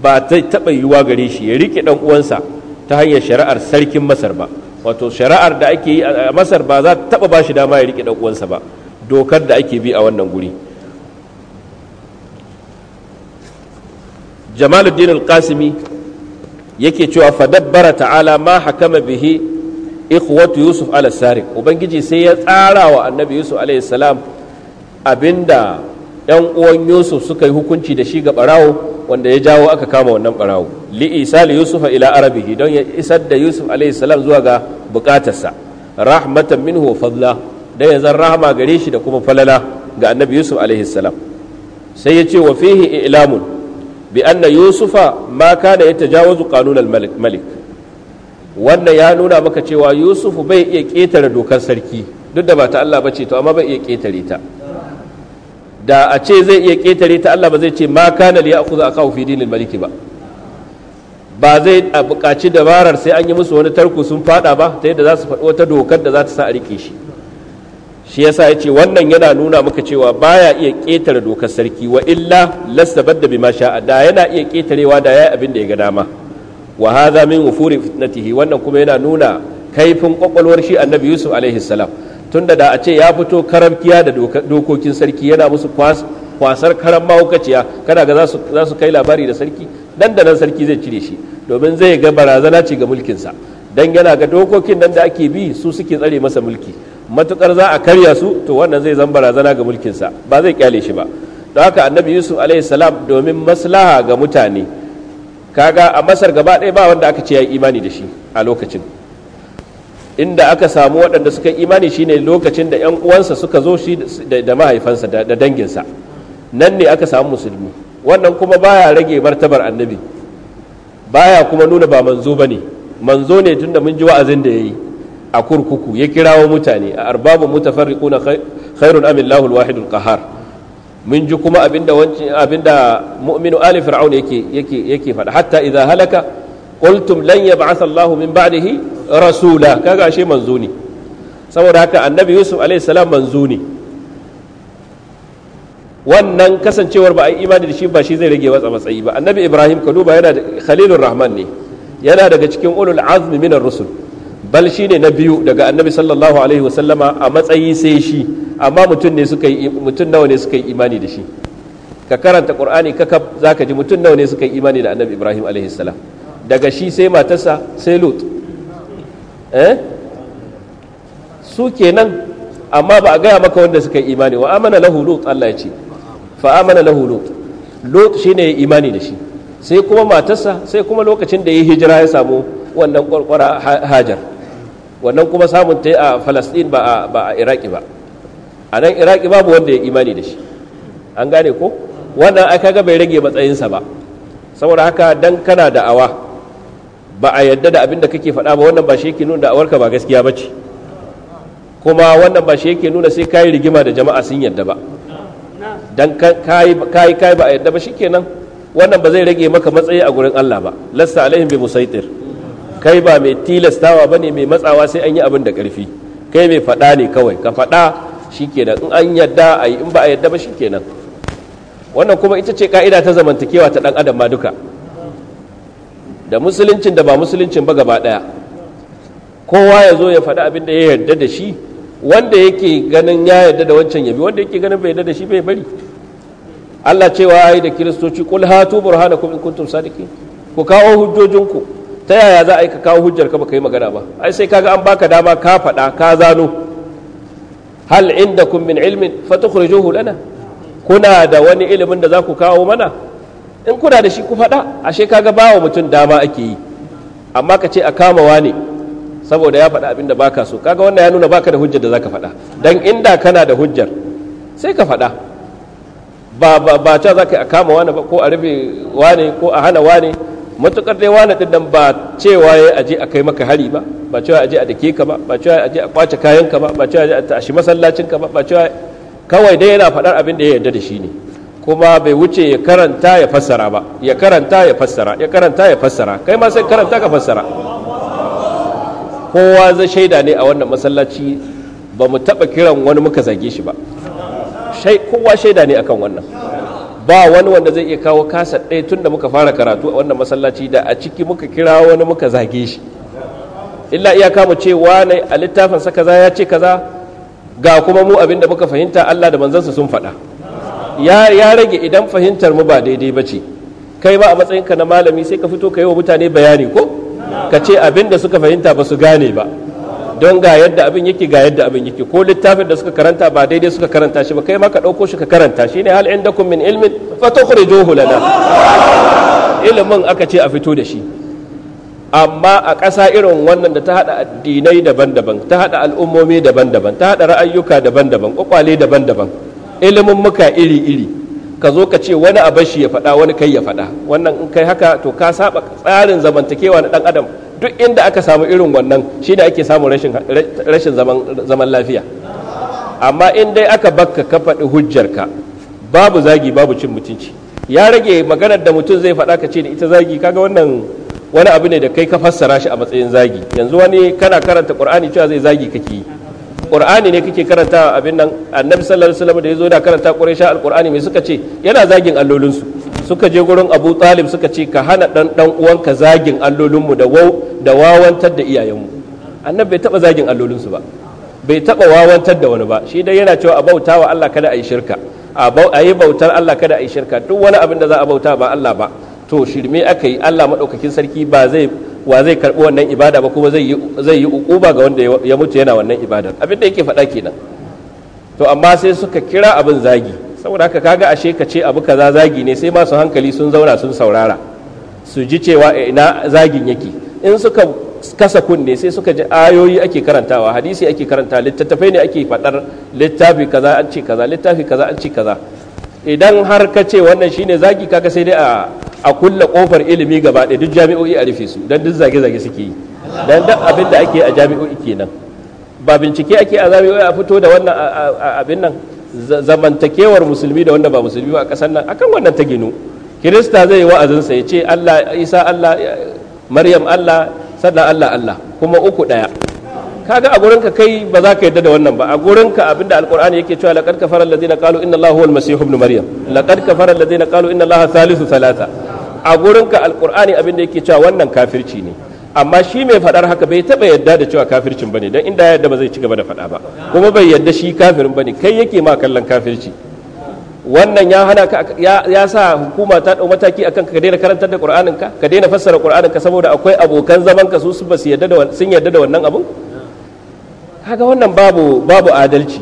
ba ta taɓa yiwuwa gare shi ya riƙe ɗan uwansa ta hanyar shari'ar sarkin masar ba wato shari'ar da ake yi a masar ba za ta taɓa ba shi dama ya riƙe ɗan uwansa ba dokar da ake bi a wannan guri jamaluddin al-qasimi yake cewa fadabbara ta'ala ma hakama bihi ikhwatu yusuf ala ubangiji sai ya tsara wa annabi yusuf alayhi salam abinda 'yan uwan yusuf suka yi hukunci da shi ga barawo wanda ya jawo aka kama wannan barawo li isali yusufa ila arabihi don ya isar da yusuf alayhi salam zuwa ga bukatarsa rahmatan minhu wa fadla da ya zan rahama gare shi da kuma falala ga annabi yusuf alayhi salam sai ya ce wa fihi ilamun bi anna yusufa ma kana yatajawazu qanun al malik wannan ya nuna maka cewa yusuf bai iya ketare dokar sarki duk da ba ta Allah bace to amma bai iya ketare ta da a ce zai iya ƙetare ta Allah ba zai ce ma kana liya akuza a fi dinil maliki ba ba zai a buƙaci dabarar sai an yi musu wani tarko sun fada ba ta yadda za su faɗi wata dokar da za ta sa a rike shi shi yasa ya ce wannan yana nuna maka cewa baya iya ƙetare dokar sarki wa illa lastabadda bima sha'a da yana iya ƙetarewa da yayi abin da ya ga dama wa hadha min wufuri fitnatihi wannan kuma yana nuna kaifin kwakwalwar shi annabi yusuf alaihi salam tun da a ce ya fito karamkiya da dokokin sarki yana musu kwasar karam mahaukaciya kana ga za su kai labari da sarki dan da nan sarki zai cire shi domin zai ga barazana ce ga mulkinsa dan yana ga dokokin nan da ake bi su suke tsare masa mulki matukar za a karya su to wannan zai zan barazana ga mulkinsa ba zai kyale shi ba don haka annabi yusuf alaihi salam domin maslaha ga mutane kaga a masar gaba ɗaya ba wanda aka ce ya yi imani da shi a lokacin inda aka samu waɗanda suka imani shine lokacin da yan uwansa suka zo shi da mahaifansa da danginsa nan ne aka samu musulmi wannan kuma baya rage martabar annabi baya kuma nuna ba manzo bane manzo ne tunda mun ji wa'azin da yayi a kurkuku ya kirawo mutane a arbabu mutafarriquna khairun amillahu alwahidul qahar mun ji kuma abinda wancin abinda mu'minu ali fir'aun yake yake yake faɗa hatta idza halaka qultum lan yab'ath Allahu min ba'dihi rasula kaga ashe manzo ne saboda haka annabi Yusuf alaihi salam manzo ne wannan kasancewar ba a yi imani da shi ba shi zai rage watsa matsayi ba annabi Ibrahim ka duba yana da khalilur rahman ne yana daga cikin ulul azmi minar rusul bal shi ne na biyu daga annabi sallallahu alaihi wasallama a matsayi sai shi amma mutum ne suka mutum nawa ne suka yi imani da shi ka karanta qur'ani kaka zaka ji mutum nawa ne suka yi imani da annabi Ibrahim alaihi salam daga shi sai matarsa sai lut eh su kenan amma ba a gaya maka wanda suka yi imani wa amana lahu lut Allah ya ce fa amana lahu lut lut shine ya imani da shi sai kuma matarsa sai kuma lokacin da ya hijira ya samu wannan kwarkwara hajar wannan kuma samun ta a falastin ba a iraki ba a nan iraki babu wanda ya imani da shi an gane ko wannan aka ga bai rage matsayinsa ba saboda haka dan kana da'awa ba a yadda da abin da kake faɗa ba wannan ba shi yake nuna awarka ba gaskiya ba ce kuma wannan ba shi yake nuna sai kayi rigima da jama'a sun yadda ba dan kayi kayi ba a yadda ba shikenan wannan ba zai rage maka matsayi a gurin Allah ba lasta alaihim bi musaitir kai ba mai tilastawa bane mai matsawa sai an yi abin da karfi kai mai faɗa ne kawai ka faɗa shikenan in an yadda a yi in ba a yadda ba shikenan wannan kuma ita ce ka'ida ta zamantakewa ta dan adam ma duka da musuluncin da ba musuluncin ba gaba daya kowa ya zo ya faɗi abin da ya yarda da shi wanda yake ganin ya yarda da wancan yabi wanda yake ganin bai yarda da shi bai bari Allah cewa ai da kiristoci kul hatu burhanakum in kuntum sadiqin ku kawo hujjojinku ta yaya za a yi ka kawo hujjar ka baka yi magana ba ai sai kaga an baka dama ka faɗa ka zano hal indakum min ilmin fatukhrijuhu lana kuna da wani ilimin da za ku kawo mana in kuna da shi ku faɗa ashe kaga bawa mutum dama ake yi amma ka ce a kamawa ne saboda ya faɗa abin da baka so kaga wannan ya nuna baka da hujjar da zaka faɗa dan inda kana da hujjar sai ka faɗa ba ba ba ta zaka a kama wani ba ko a rufe wani ko a hana wani matukar dai wani din nan ba cewa ya aje a kai maka hari ba ba cewa aje a dake ka ba ba cewa aje a kwace kayan ka ba ba cewa aje a tashi masallacin ka ba ba cewa kawai dai yana faɗar abin da ya yarda da shi ne kuma bai wuce ya karanta ya fassara ba ya karanta ya fassara ya karanta ya fassara kai ma sai karanta ka fassara kowa zai shaida ne a wannan masallaci ba mu taɓa kiran wani muka zage shi ba kowa shaida ne akan wannan ba wani wanda zai iya kawo kasa ɗaya tun da muka fara karatu a wannan masallaci da a ciki muka kira wani muka zage shi illa iya kama cewa ne a littafin sa kaza ya ce kaza ga kuma mu abin da muka fahimta Allah da manzansa sun faɗa ya rage idan fahimtar mu ba daidai ba ce kai ba a matsayinka na malami sai ka fito ka yi wa mutane bayani ko ka ce abin da suka fahimta ba su gane ba don ga yadda abin yake ga yadda abin yake ko littafin da suka karanta ba daidai suka karanta shi ba kai ma ka ɗauko shi ka karanta shi ne hal indakum min ilmin fa tukhrijuhu lana ilimin aka ce a fito da shi amma a ƙasa irin wannan da ta haɗa addinai daban-daban ta haɗa al'ummomi daban-daban ta haɗa ra'ayyuka daban-daban ƙwaƙwale daban-daban ilimin muka iri-iri ka zo ka ce wani abar shi ya faɗa wani kai ya faɗa wannan in kai haka to ka saba tsarin zamantakewa na ɗan adam duk inda aka samu irin wannan shi da ake samun rashin zaman lafiya amma in dai aka baka ka faɗi hujjarka babu zagi babu cin mutunci ya rage maganar da mutum zai faɗa ka ce da ita zagi kaga wannan wani abu ne da kai ka fassara shi a matsayin zagi yanzu wani kana karanta qur'ani cewa zai zagi kake yi alqur'ani ne kake karanta abin nan annabi sallallahu alaihi wasallam da yazo da karanta quraisha alƙur'ani me suka ce yana zagin allolin su suka je gurin abu talib suka ce ka hana dan dan uwanka zagin allolin mu da wau da wawantar da iyayen mu annabi bai taba zagin allolin su ba bai taba wawantar da wani ba shi dai yana cewa a bautawa Allah kada a yi shirka a yi bautar Allah kada a yi shirka duk wani abin da za a bauta ba Allah ba to shirme aka yi Allah madaukakin sarki ba zai wa zai karbi wannan ibada ba kuma zai yi ukuba ga wanda ya mutu yana wannan ibada abin da yake faɗa kenan to amma sai suka kira abin zagi saboda haka kaga ashe ka ce abu kaza zagi ne sai masu hankali sun zauna sun saurara su ji cewa eh, ina zagin yake in suka kasa kunne sai suka ji ayoyi ake karantawa hadisi ake karanta littattafai ne ake faɗar littafi kaza an ce kaza littafi kaza an ce kaza idan har ka ce wannan shine zagi kaga sai dai a a kulle kofar ilimi gaba ɗaya duk jami'o'i a rufe su don duk zage-zage suke yi don duk abin da ake a jami'o'i kenan ba bincike ake a jami'o'i a fito da wannan abin nan zamantakewar musulmi da wanda ba musulmi ba a ƙasar nan akan wannan ta ginu kirista zai yi wa'azinsa ya ce allah isa allah maryam allah sannan allah allah kuma uku ɗaya kaga a gurinka kai ba za ka yadda da wannan ba a gurinka da alkur'ani yake cewa laqad kafara alladhina qalu inna allaha huwal masih ibn maryam laqad kafara alladhina qalu inna allaha thalithu thalatha a gurinka alkur'ani abin da yake cewa wannan kafirci ne amma shi mai faɗar haka bai taɓa yadda da cewa kafircin bane dan inda yadda ba zai ci gaba da faɗa ba kuma bai yadda shi kafirin bane kai yake ma kallon kafirci wannan ya hana ka ya sa hukuma ta dau mataki akan ka daina karantar da qur'anin ka ka daina fassara qur'anin ka saboda akwai abokan zaman ka su su ba su yadda da sun yadda da wannan abun kaga wannan babu babu adalci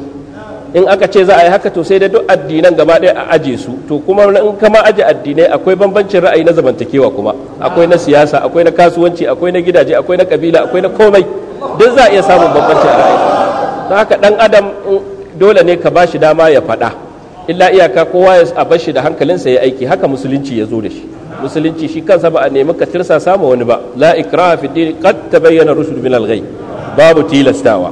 in aka ce za a yi haka to sai da duk addinan gaba ɗaya a aje su to kuma in kama aje addinai akwai bambancin ra'ayi na zamantakewa kuma akwai na siyasa akwai na kasuwanci akwai na gidaje akwai na kabila akwai na komai duk za a iya samun bambancin ra'ayi don haka dan adam dole ne ka bashi dama ya faɗa illa iyaka kowa ya a bashi da hankalinsa ya aiki haka musulunci ya zo da shi musulunci shi kansa ba a nemi ka tirsa samu wani ba la ikraha fi din qad tabayyana rusul min al ghayb babu tilastawa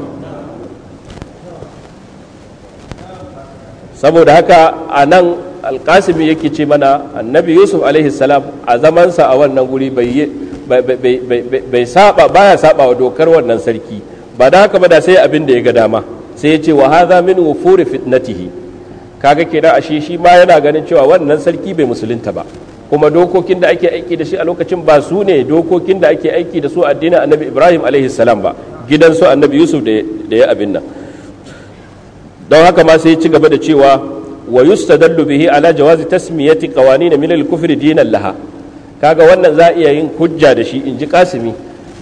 saboda haka a nan alkasimi yake ce mana annabi yusuf salam a zamansa a wannan guri bai saba baya saba wa dokar wannan sarki ba da haka ba da sai abin da ya ga dama sai ya ce wa hadha min wufuri fitnatihi kaga kenan ashe shi ma yana ganin cewa wannan sarki bai musulunta ba kuma dokokin da ake aiki da shi a lokacin ba su ne dokokin da ake aiki da su addinin annabi ibrahim salam ba gidansu annabi yusuf da ya abin nan don haka ma sai ci gaba da cewa wa yustadallu bihi ala jawazi tasmiyati qawanin min al-kufri dinan laha kaga wannan za iya yin hujja da shi inji kasimi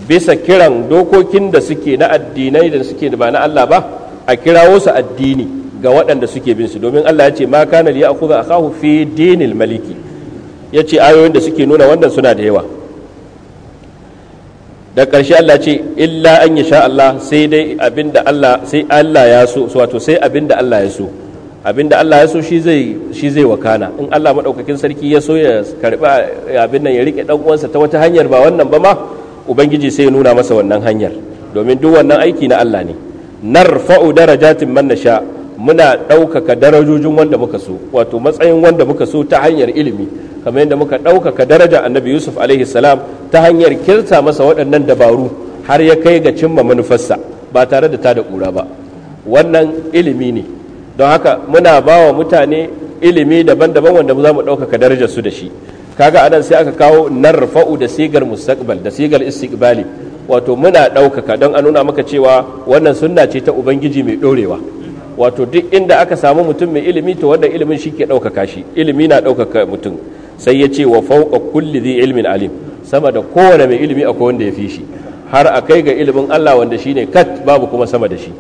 bisa kiran dokokin da suke na addinai da suke da ba na Allah ba a kirawo su addini ga waɗanda suke bin su domin Allah ya ce ma kana li ya'khudha akahu fi dinil maliki yace ayoyin da suke nuna wannan suna da yawa da ƙarshe Allah ce illa an ya sha Allah sai dai abinda Allah sai Allah ya so wato sai abinda Allah ya so abinda Allah ya so shi zai shi zai wakana in Allah madaukakin sarki ya so ya karba abin nan ya rike dan uwansa ta wata hanyar ba wannan ba ma ubangiji sai ya nuna masa wannan hanyar domin duk wannan aiki na Allah ne narfa'u darajatin man nasha muna ɗaukaka darajojin wanda muka so wato matsayin wanda muka so ta hanyar ilimi kamar yadda muka ɗaukaka daraja annabi yusuf alaihi salam ta hanyar kirta masa waɗannan dabaru har ya kai ga cimma manufarsa ba tare da ta da ƙura ba wannan ilimi ne don haka muna ba wa mutane ilimi daban-daban wanda za mu ɗaukaka darajar su da shi kaga anan sai aka kawo narfa'u da sigar mustaqbal da sigar istiqbali wato muna ɗaukaka don a nuna maka cewa wannan sunna ce ta ubangiji mai ɗorewa wato duk inda aka samu mutum mai ilimi to wanda ilimin shi ke ɗaukaka shi ilimi na ɗaukaka mutum sai ya ce wa fauka kulli zai ilmin alim sama da kowane mai ilimi akwai wanda ya fi shi har a kai ga ilimin Allah wanda shi ne kat babu kuma sama da shi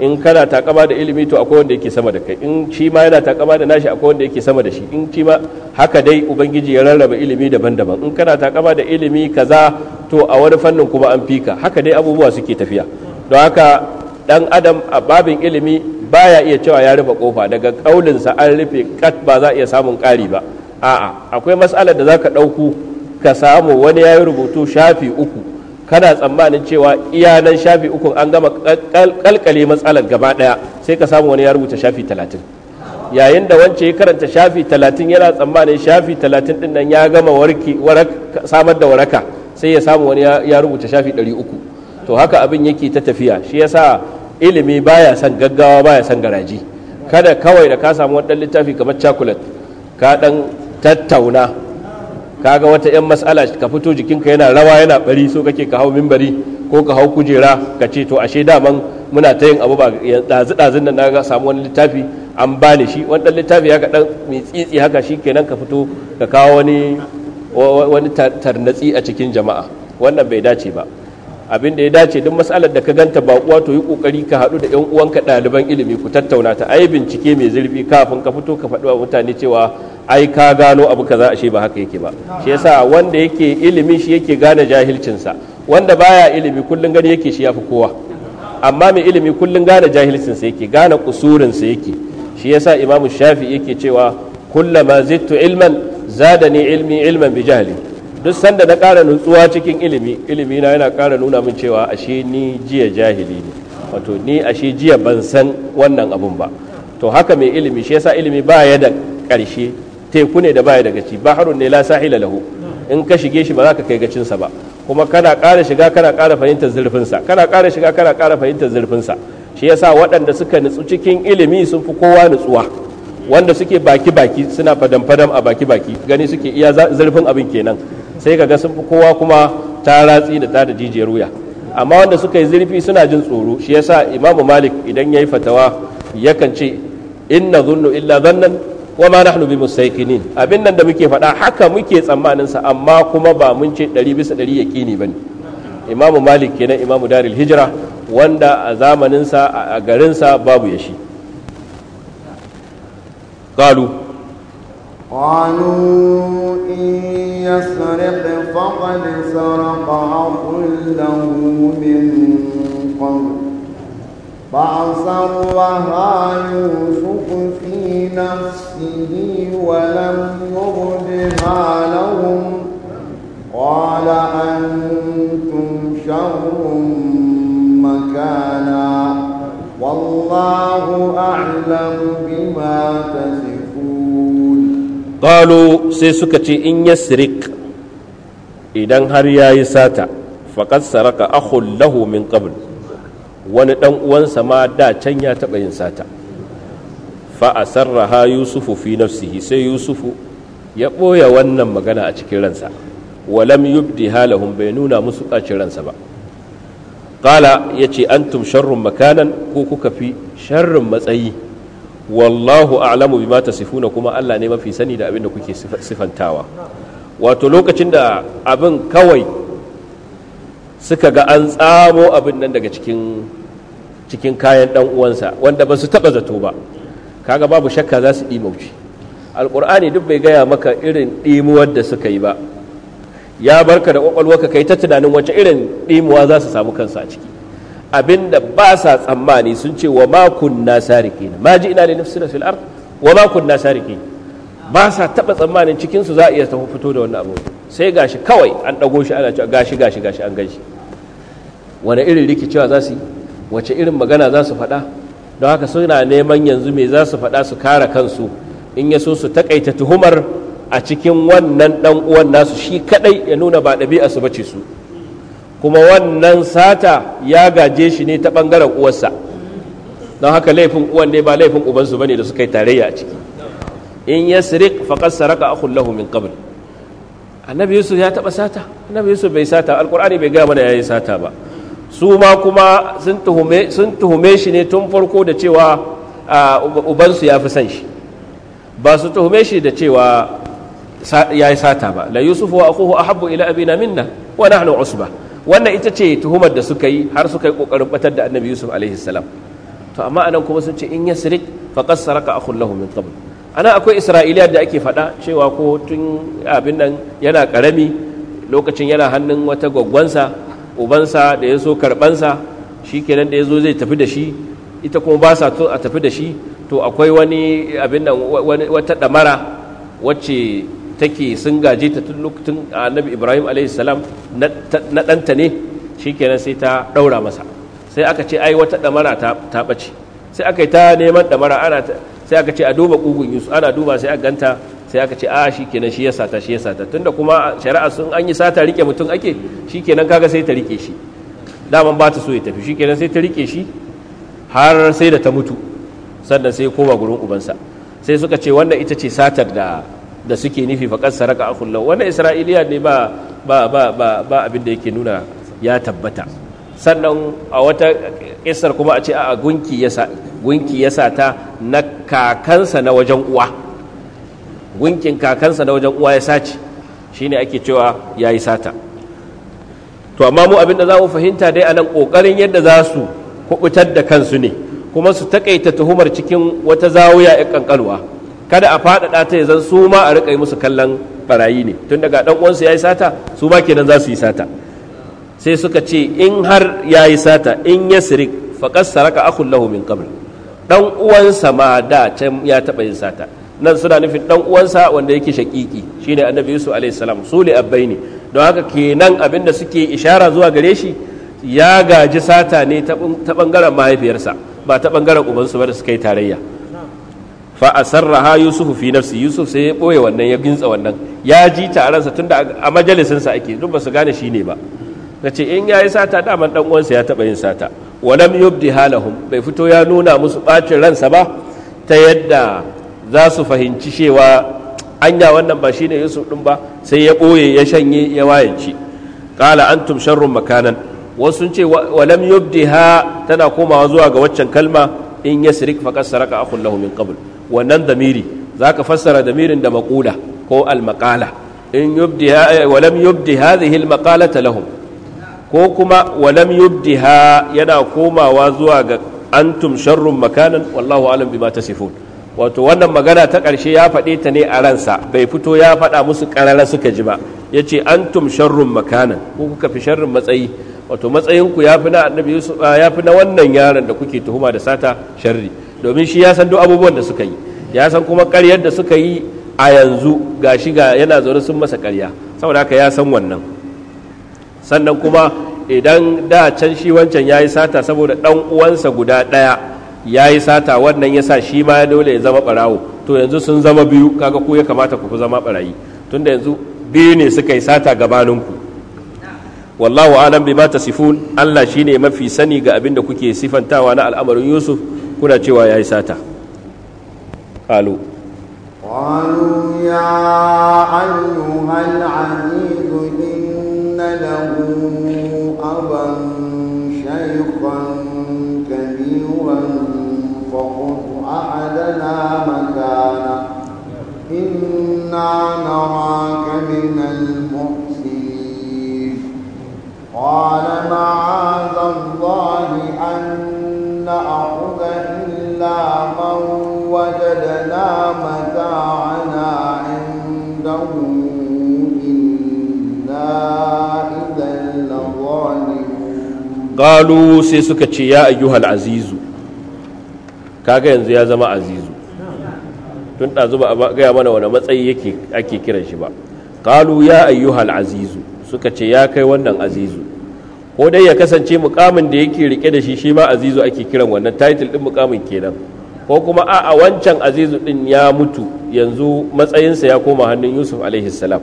in kana takama da ilimi to akwai wanda yake sama da kai in shi ma yana takama da nashi akwai wanda yake sama da shi in shi ma haka dai ubangiji ya rarraba ilimi daban-daban in kana takama da ilimi kaza to a wani fannin kuma an fika haka dai abubuwa suke tafiya don haka dan adam a babin ilimi baya iya cewa ya rufe kofa daga kaulinsa an rufe kat ba za a iya samun ƙari ba a'a akwai mas'alar da za ka ɗauku ka samu wani ya yi rubutu shafi uku kana tsammanin cewa iyanan shafi uku an gama kalkale matsalar gaba ɗaya sai ka samu wani ya rubuta shafi talatin yayin da wance ya karanta shafi talatin yana tsammanin shafi talatin ɗin nan ya gama samar da waraka sai ya samu wani ya rubuta shafi ɗari uku to haka abin yake ta tafiya shi yasa ilimi baya son gaggawa baya son garaji kada kawai da ka samu wani littafi kamar chocolate ka dan tattauna kaga wata yan mas'ala ka fito jikinka yana rawa yana bari so kake ka hau mimbari ko ka hau kujera ka ce to ashe daman muna ta yin abu ba dazu dazun nan naga samu wani littafi an bani shi wani dan littafi ya ka dan mai tsitsi haka shi kenan ka fito ka kawo wani wani tarnatsi a cikin jama'a wannan bai dace ba abin da ya dace duk matsalar da ka ganta ba uwa to yi kokari ka haɗu da yan uwanka ɗaliban ilimi ku tattauna ta ai bincike mai zurfi kafin ka fito ka faɗi wa mutane cewa ai ka gano abu kaza ashe ba haka yake ba shi yasa wanda yake ilimi shi yake gane jahilcinsa wanda baya ilimi kullun gani yake shi yafi kowa amma mai ilimi kullun gane jahilcinsa yake gane kusurinsa yake shi yasa imamu shafi yake cewa kullama zittu ilman zadani ilmi ilman bi jahli duk sanda na ƙara nutsuwa cikin ilimi ilimi na yana ƙara nuna min cewa ashe ni jiya jahili ne wato ni ashe jiya ban san wannan abun ba to haka mai ilimi shi yasa ilimi ba ya da ƙarshe teku ne da baya ya da gaci harun ne la sahila lahu in ka shige shi ba za ka kai sa ba kuma kana ƙara shiga kana ƙara fahimtar zurfinsa kana ƙara shiga kana ƙara fahimtar zurfinsa shi yasa waɗanda suka nutsu cikin ilimi sun fi kowa nutsuwa wanda suke baki baki suna fadam fadam a baki baki gani suke iya zurfin abin kenan sai ka sun kowa kuma ta ratsi da ta da jijiyar wuya amma wanda suka yi zurfi suna jin tsoro shi yasa imamu malik idan yayi fatawa yakan ce inna dhunnu illa dhannan wa ma nahnu bi mustaqinin abin nan da muke faɗa haka muke tsammanin sa amma kuma ba mun ce 100 bisa 100 yaqini bane imamu malik kenan imamu daril hijra wanda a zamaninsa a garinsa babu yashi قالوا قالوا إن يسرق فقد سرق أخ له من قبل فأصرها يوسف في نفسه ولم يبدها لهم قال أنتم شر مكانا والله أعلم بما تسرون qalu sai suka ce in yasrik idan har yayi sata faqad saraka akhul lahu min qabl wani dan uwansa ma da can ya taba yin sata fa asarraha yusufu fi nafsihi sai yusufu ya boya wannan magana a cikin ransa walam yubdi halahum bai nuna musu ɓacin ransa ba qala yace antum sharrun makanan ko kuka fi sharrin matsayi wallahu a'lamu bima tasifuna kuma Allah ne mafi sani da abin da kuke sifantawa wato lokacin da abin kawai suka ga an tsamo abin nan daga cikin cikin kayan dan uwansa wanda ba su taba zato ba kaga babu shakka za su dimauci alqur'ani duk bai gaya maka irin dimuwar da suka yi ba ya barka da ka kai ta tunanin wace irin dimuwa za su samu kansu a ciki abinda ba sa tsammani sun ce wa makon kunna sarikin ma ji ina da nafsina fil wa makon kunna sarikin ba sa taba tsammanin cikinsu za a iya tafi fito da wannan abu sai gashi kawai an dago shi ana cewa gashi gashi gashi an gashi wani irin rikicewa za su yi wace irin magana za su faɗa don haka suna neman yanzu me za su faɗa su kara kansu in ya so su takaita tuhumar a cikin wannan dan uwan nasu shi kadai ya nuna ba ɗabi'a su bace su kuma wannan sata ya gaje shi ne ta ɓangaren uwarsa don haka laifin uwan ne ba laifin ubansu bane da suka yi tarayya a ciki in ya sirik faƙar saraka a kullahu min qabl annabi yusuf ya taɓa sata annabi yusuf bai sata alƙur'ani bai gaya mana ya yi sata ba su ma kuma sun tuhume shi ne tun farko da cewa ubansu ya fi san shi ba su tuhume shi da cewa ya yi sata ba la yusuf wa akuhu ahabbu ila abina minna wa nahnu usba wannan ita ce tuhumar da suka yi har suka yi kokarin batar da annabi yusuf alaihi salam to amma anan kuma sun ce in yasrik faqad saraka akhun lahu min qabl ana akwai isra'iliyar da ake faɗa cewa ko tun abin nan yana karami lokacin yana hannun wata gwaggwansa ubansa da ya so karbansa shi kenan da ya zo zai tafi da shi ita kuma ba sa a tafi da shi to akwai wani abin nan wata ɗamara wacce take sun gaje ta tun lokacin annabi ibrahim alaihissalam na ɗanta ne shikenan sai ta ɗaura masa sai aka ce ai wata ɗamara ta ɓace sai aka yi ta neman ɗamara ana sai aka ce a duba ƙugun yusuf ana duba sai a ganta sai aka ce a shikenan shi ya sata shi ya sata tunda kuma shari'a sun an yi sata rike mutum ake shikenan kaga sai ta rike shi daman ba ta so ya tafi shikenan sai ta rike shi har sai da ta mutu sannan sai koma gurin ubansa sai suka ce wannan ita ce satar da da suke nufi faƙar saraka kullum. wannan isra'iliya ne ba ba ba ba abin da yake nuna ya tabbata sannan a wata ƙisar kuma a ce a gunki yasa gunki ta na kakansa na wajen uwa gunkin kakansa na wajen uwa ya sace shine ake cewa ya yi sata to amma mu abin da za mu fahimta dai anan ƙoƙarin yadda za su kubutar da kansu ne kuma su takaita tuhumar cikin wata zawuya ya ƙanƙalwa. kada a faɗaɗa ta yanzu su ma a riƙa yi musu kallon barayi ne tun daga ɗan uwansu ya yi sata su ma kenan za su yi sata sai suka ce in har ya yi sata in ya sirik faƙas saraka akun lahu min qabl ɗan uwansa ma da can ya taɓa yin sata nan suna nufin ɗan uwansa wanda yake shaƙiƙi shine annabi yusuf alaihi salam su li abbai ne don haka kenan abin da suke ishara zuwa gare shi ya gaji sata ne ta ɓangaren mahaifiyarsa ba ta ɓangaren ubansu ba da suka yi tarayya fa ha yusufu fi nafsi yusuf sai ya boye wannan ya gintsa wannan ya ji taronsa a da a majalisin sa ake duk ba su gane shi ne ba ce in ya yi sata daman dan uwansa ya taɓa yin sata walam yubdi halahum bai fito ya nuna musu bacin ransa ba ta yadda za su fahimci cewa anya wannan ba shine yusuf din ba sai ya ɓoye ya shanye ya wayanci qala antum sharrun makanan wasu ce walam ha tana komawa zuwa ga waccan kalma in yasrik faqad saraka akhu lahu min qabl wannan damiri zaka fassara damirin da maqula ko al in yubdiha eh, wa lam yubdi hadhihi lahum ko kuma walam yubdiha yana komawa zuwa ga antum sharrun makanan wallahu alam bima tasifun wato wannan magana ta karshe ya faɗe ta ne a ransa bai fito ya faɗa musu karara suka ji ba yace antum sharrun makanan ko kuka fi sharrun matsayi wato matsayinku ya fi na wannan yaron da kuke tuhuma da sata sharri domin shi ya san duk abubuwan da suka yi ya san kuma karyar da suka yi a yanzu ga shi ga yana zaune sun masa karya saboda haka ya san wannan sannan kuma idan da can shi wancan ya yi sata saboda ɗan uwansa guda ɗaya ya yi sata wannan ya sa shi ma ya dole ya zama ɓarawo to yanzu sun zama biyu kaga ku ya kamata ku fi zama ɓarayi da yanzu biyu ne suka yi sata gabaninku wallahu alam bima tasifun Allah shine mafi sani ga abin da kuke sifantawa na al'amarin Yusuf kuna cewa ya yi sata قالوا قالوا يا أيها العزيز إن له أبا شيخا كبيرا فخذ أحدنا مكانه إنا نراك من المحسنين قال معاذ الله وجدنا متاعنا عنده إنا إذا لظالمون قالوا سيسك يا أيها العزيز kaga yanzu ya zama azizu tun ɗazu ba a gaya mana wani matsayi ake kiran shi ba kalu ya ayyuhal azizu suka ce ya kai wannan azizu ko dai ya kasance mukamin da yake rike da shi shi ma azizu ake kiran wannan title din mukamin kenan ko kuma a wancan azizu din ya mutu yanzu matsayinsa ya koma hannun yusuf salam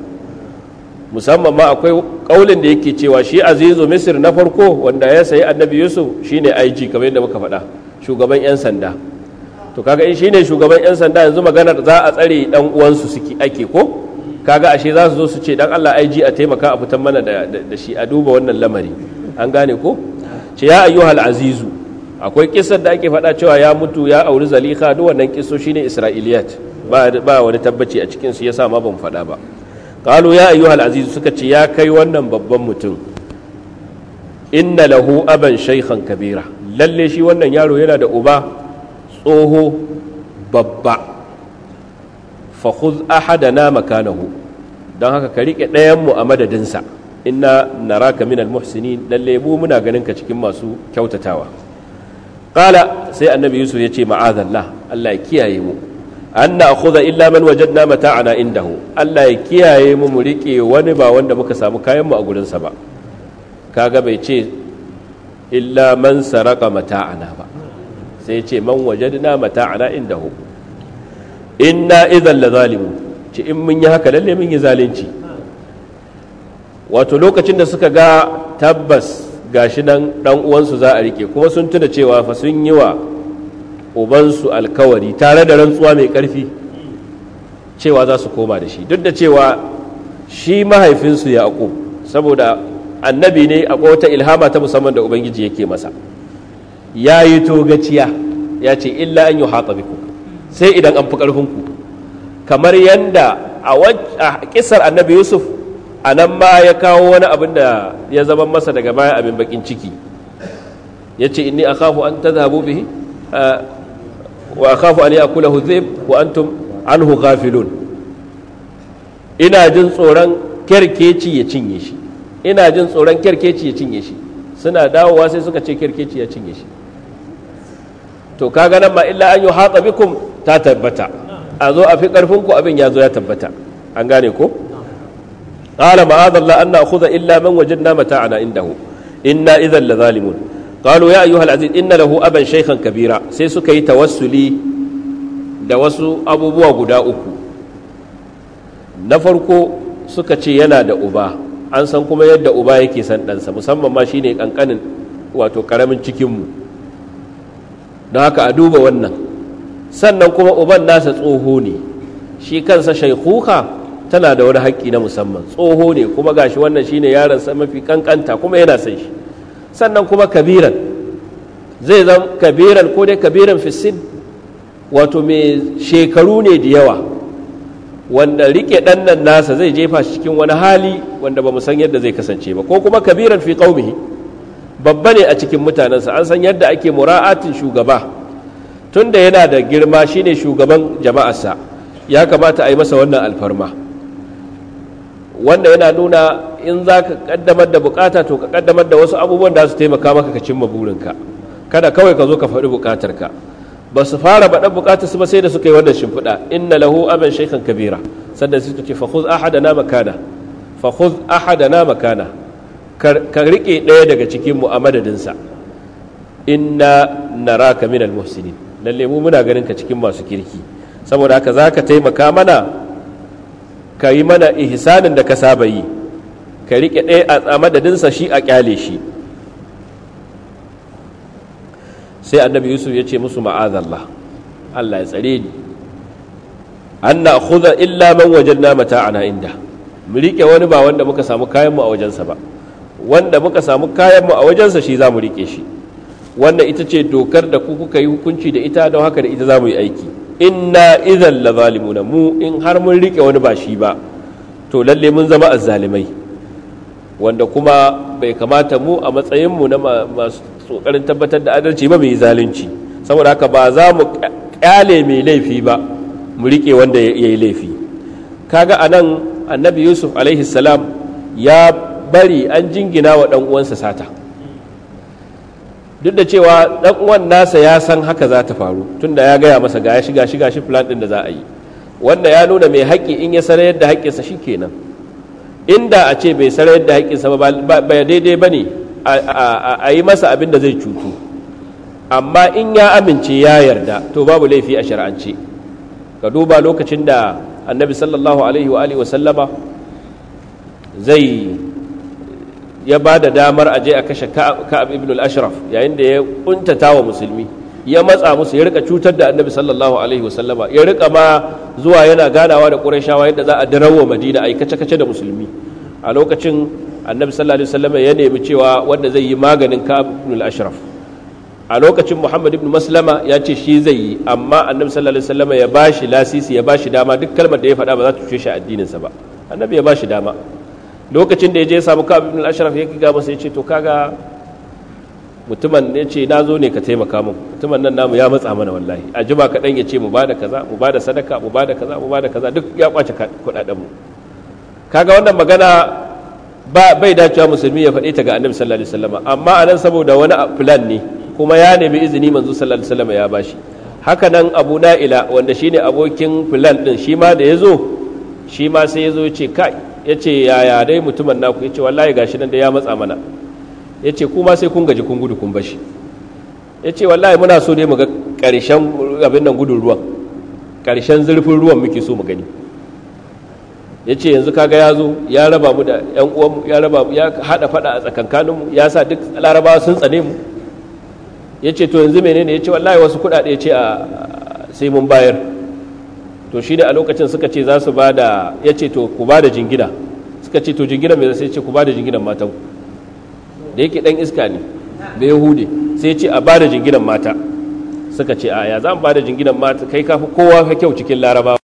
musamman ma akwai kaulin da yake cewa shi azizu misir na farko wanda ya sayi annabi yusuf shine ig kamar yadda muka faɗa shugaban 'yan sanda to kaga in shine shugaban 'yan sanda yanzu maganar za a tsare dan uwansu suke ake ko kaga ashe za su zo su ce dan allah ig a taimaka a fitan mana da shi a duba wannan lamari an gane ko ce ya ayyuhal azizu akwai kisar da ake faɗa cewa ya mutu ya auri zalika duk wannan kiso shine isra'iliyat ba wani tabbaci a cikin su yasa ma ban faɗa ba qalu ya ayyuhal aziz suka ce ya kai wannan babban mutum inna lahu aban shaykhan kabira lalle shi wannan yaro yana da uba tsoho babba fa khudh ahadana makanahu dan haka ka rike ɗayan mu a madadinsa inna naraka minal muhsinin lalle mu muna ganin ka cikin masu kyautatawa qala sai annabi yusuf ya ce ma'azallah Allah ya kiyaye mu an na akhudha illa man wajadna mata'ana indahu Allah ya kiyaye mu mu rike wani ba wanda muka samu kayan mu a gurin sa ba kaga bai ce illa man saraka mata'ana ba sai ya ce man wajadna mata'ana indahu inna idhan la zalimu ce in mun yi haka lalle mun yi zalunci wato lokacin da suka ga tabbas gashi nan dan uwansu za a rike kuma sun tuna cewa fa sun yi wa ubansu alkawari tare da rantsuwa mai karfi cewa za su koma da shi duk da cewa shi mahaifinsu aku saboda annabi ne a wata ilhama ta musamman da ubangiji yake masa ya yi togaciya ya ce illa an yi haƙa sai idan an fi ƙarfinku kamar yadda a kisar annabi yusuf a nan ma ya kawo wani abin da ya zama masa daga baya abin bakin ciki ya ce inni a kafu an ta zabo bihi wa a kafu an yi akula huzib wa an hu gafilun ina jin tsoron kyarkeci ya cinye shi ina jin tsoron kyarkeci ya cinye shi suna dawowa sai suka ce kyarkeci ya cinye shi to kaga nan ma illa an yi hatsa bikum ta tabbata a zo a fi ƙarfinku abin ya zo ya tabbata an gane ko? qala ma'adallah an na'khudha illa man wajadna mata'ana indahu inna idhan la zalimun qalu ya ayyuhal aziz inna lahu aban shaykhan kabira sai suka yi tawassuli da wasu abubuwa guda uku na farko suka ce yana da uba an san kuma yadda uba yake san ɗansa musamman ma shine kankanin wato karamin cikinmu don haka a duba wannan sannan kuma uban nasa tsoho ne shi kansa shaikuka tana da wani haƙƙi na musamman tsoho ne kuma gashi wannan shine yaron sa mafi kankanta kuma yana san shi sannan kuma kabiran zai zama kabiran ko dai kabiran fisin wato mai shekaru ne da yawa wanda rike dan nan nasa zai jefa shi cikin wani hali wanda ba mu san yadda zai kasance ba ko kuma kabiran fi qaumihi babba ne a cikin mutanensa an san yadda ake mura'atin shugaba tunda yana da girma shine shugaban jama'arsa ya kamata a yi masa wannan alfarma wanda yana nuna in za ka kaddamar da bukata to ka kaddamar da wasu abubuwan da su taimaka maka ka cimma burinka kada kawai ka zo ka faɗi bukatarka ba su fara baɗan bukatar su ba sai da suka yi wannan shimfiɗa inna lahu aban shaykhan kabira sannan sai tuke fa khudh ahadana makana fa khudh ahadana makana ka rike ɗaya daga cikin mu a madadinsa inna naraka minal muhsinin lalle mu muna ganin ka cikin masu kirki saboda haka zaka taimaka mana ka yi mana ihsanin da ka saba yi ka riƙe ɗaya a madadinsa shi a ƙyale shi sai annabi yusuf ya ce musu ma'azallah allah ya tsare ni an na illa man wajanna ana inda mu riƙe wani ba wanda muka samu kayanmu a wajensa ba wanda muka samu kayanmu a wajensa shi za mu riƙe shi wannan ita ce dokar da ku kuka yi hukunci da ita don haka da ita za mu yi aiki inna idan la zalimuna mu in har mun rike wani ba shi ba to lalle mun zama azzalimai wanda kuma bai kamata mu a matsayin mu na masu tsokarin tabbatar da adalci ba mai zalunci saboda haka ba za mu kyale mai laifi ba mu rike wanda ya yi laifi kaga anan annabi yusuf alaihi salam ya bari an jingina wa dan uwansa sata duk da cewa dan uwan nasa ya san haka za ta faru tunda ya gaya masa ga ya shiga shiga shi plan din da za a yi wanda ya nuna mai haƙƙi in ya sare yadda haƙƙinsa shikenan inda a ce bai sare yadda haƙƙinsa ba ba daidai bane a yi masa abin da zai cutu amma in ya amince ya yarda to babu laifi a shar'ance ka duba lokacin da annabi sallallahu alaihi wa alihi wa sallama zai ya ba da damar a je a kashe ka'ab ibn al-ashraf yayin da ya kuntata wa musulmi ya matsa musu ya rika cutar da annabi sallallahu alaihi wasallama ya rika ma zuwa yana ganawa da qurayshawa yadda za a wa madina a kace kace da musulmi a lokacin annabi sallallahu alaihi wasallama ya nemi cewa wanda zai yi maganin ka'ab ibn al-ashraf a lokacin muhammad ibn maslama ya ce shi zai yi amma annabi sallallahu alaihi wasallama ya bashi lasisi ya bashi dama duk kalmar da ya faɗa ba za ta cuce shi addinin sa ba annabi ya bashi dama lokacin da ya je ya samu ka'ab ibn al-ashraf ya ga masa ya ce to kaga mutumin ya ce na zo ne ka taimaka min mutumin nan namu ya matsa mana wallahi a jima kaɗan ya ce mu bada kaza mu bada sadaka mu bada kaza mu bada kaza duk ya kwace kuɗaɗen mu kaga wannan magana ba bai dacewa musulmi ya faɗi ta ga annabi sallallahu alaihi wasallam amma anan saboda wani plan ne kuma ya nemi izini manzo sallallahu alaihi wasallam ya bashi haka nan abu na'ila wanda shine abokin plan din shi ma da yazo shi ma sai yazo ya ce kai ya ce yaya dai mutumin naku ya ce wallahi gashi nan da ya matsa mana ya ce kuma sai kun gaji kun gudu kun bashi ya ce wallahi muna so dai mu ga ƙarshen abin nan gudun ruwan ƙarshen zurfin ruwan muke so mu gani ya ce yanzu kaga ya zo ya raba mu da yan uwanmu ya raba mu ya haɗa faɗa a mu ya sa duk larabawa sun tsane mu ya ce to yanzu menene ya ce wallahi wasu kuɗaɗe ce a sai mun bayar to shi da a lokacin suka ce za su ba da ya ce to ku ba da jingina suka ce to jingina mai sai ce ku ba da jinginan mata da yake dan iska ne da yahudi sai ce a ba da jinginan mata suka ce a ya za mu ba da jinginan mata kai kafi kowa ka kyau cikin larabawa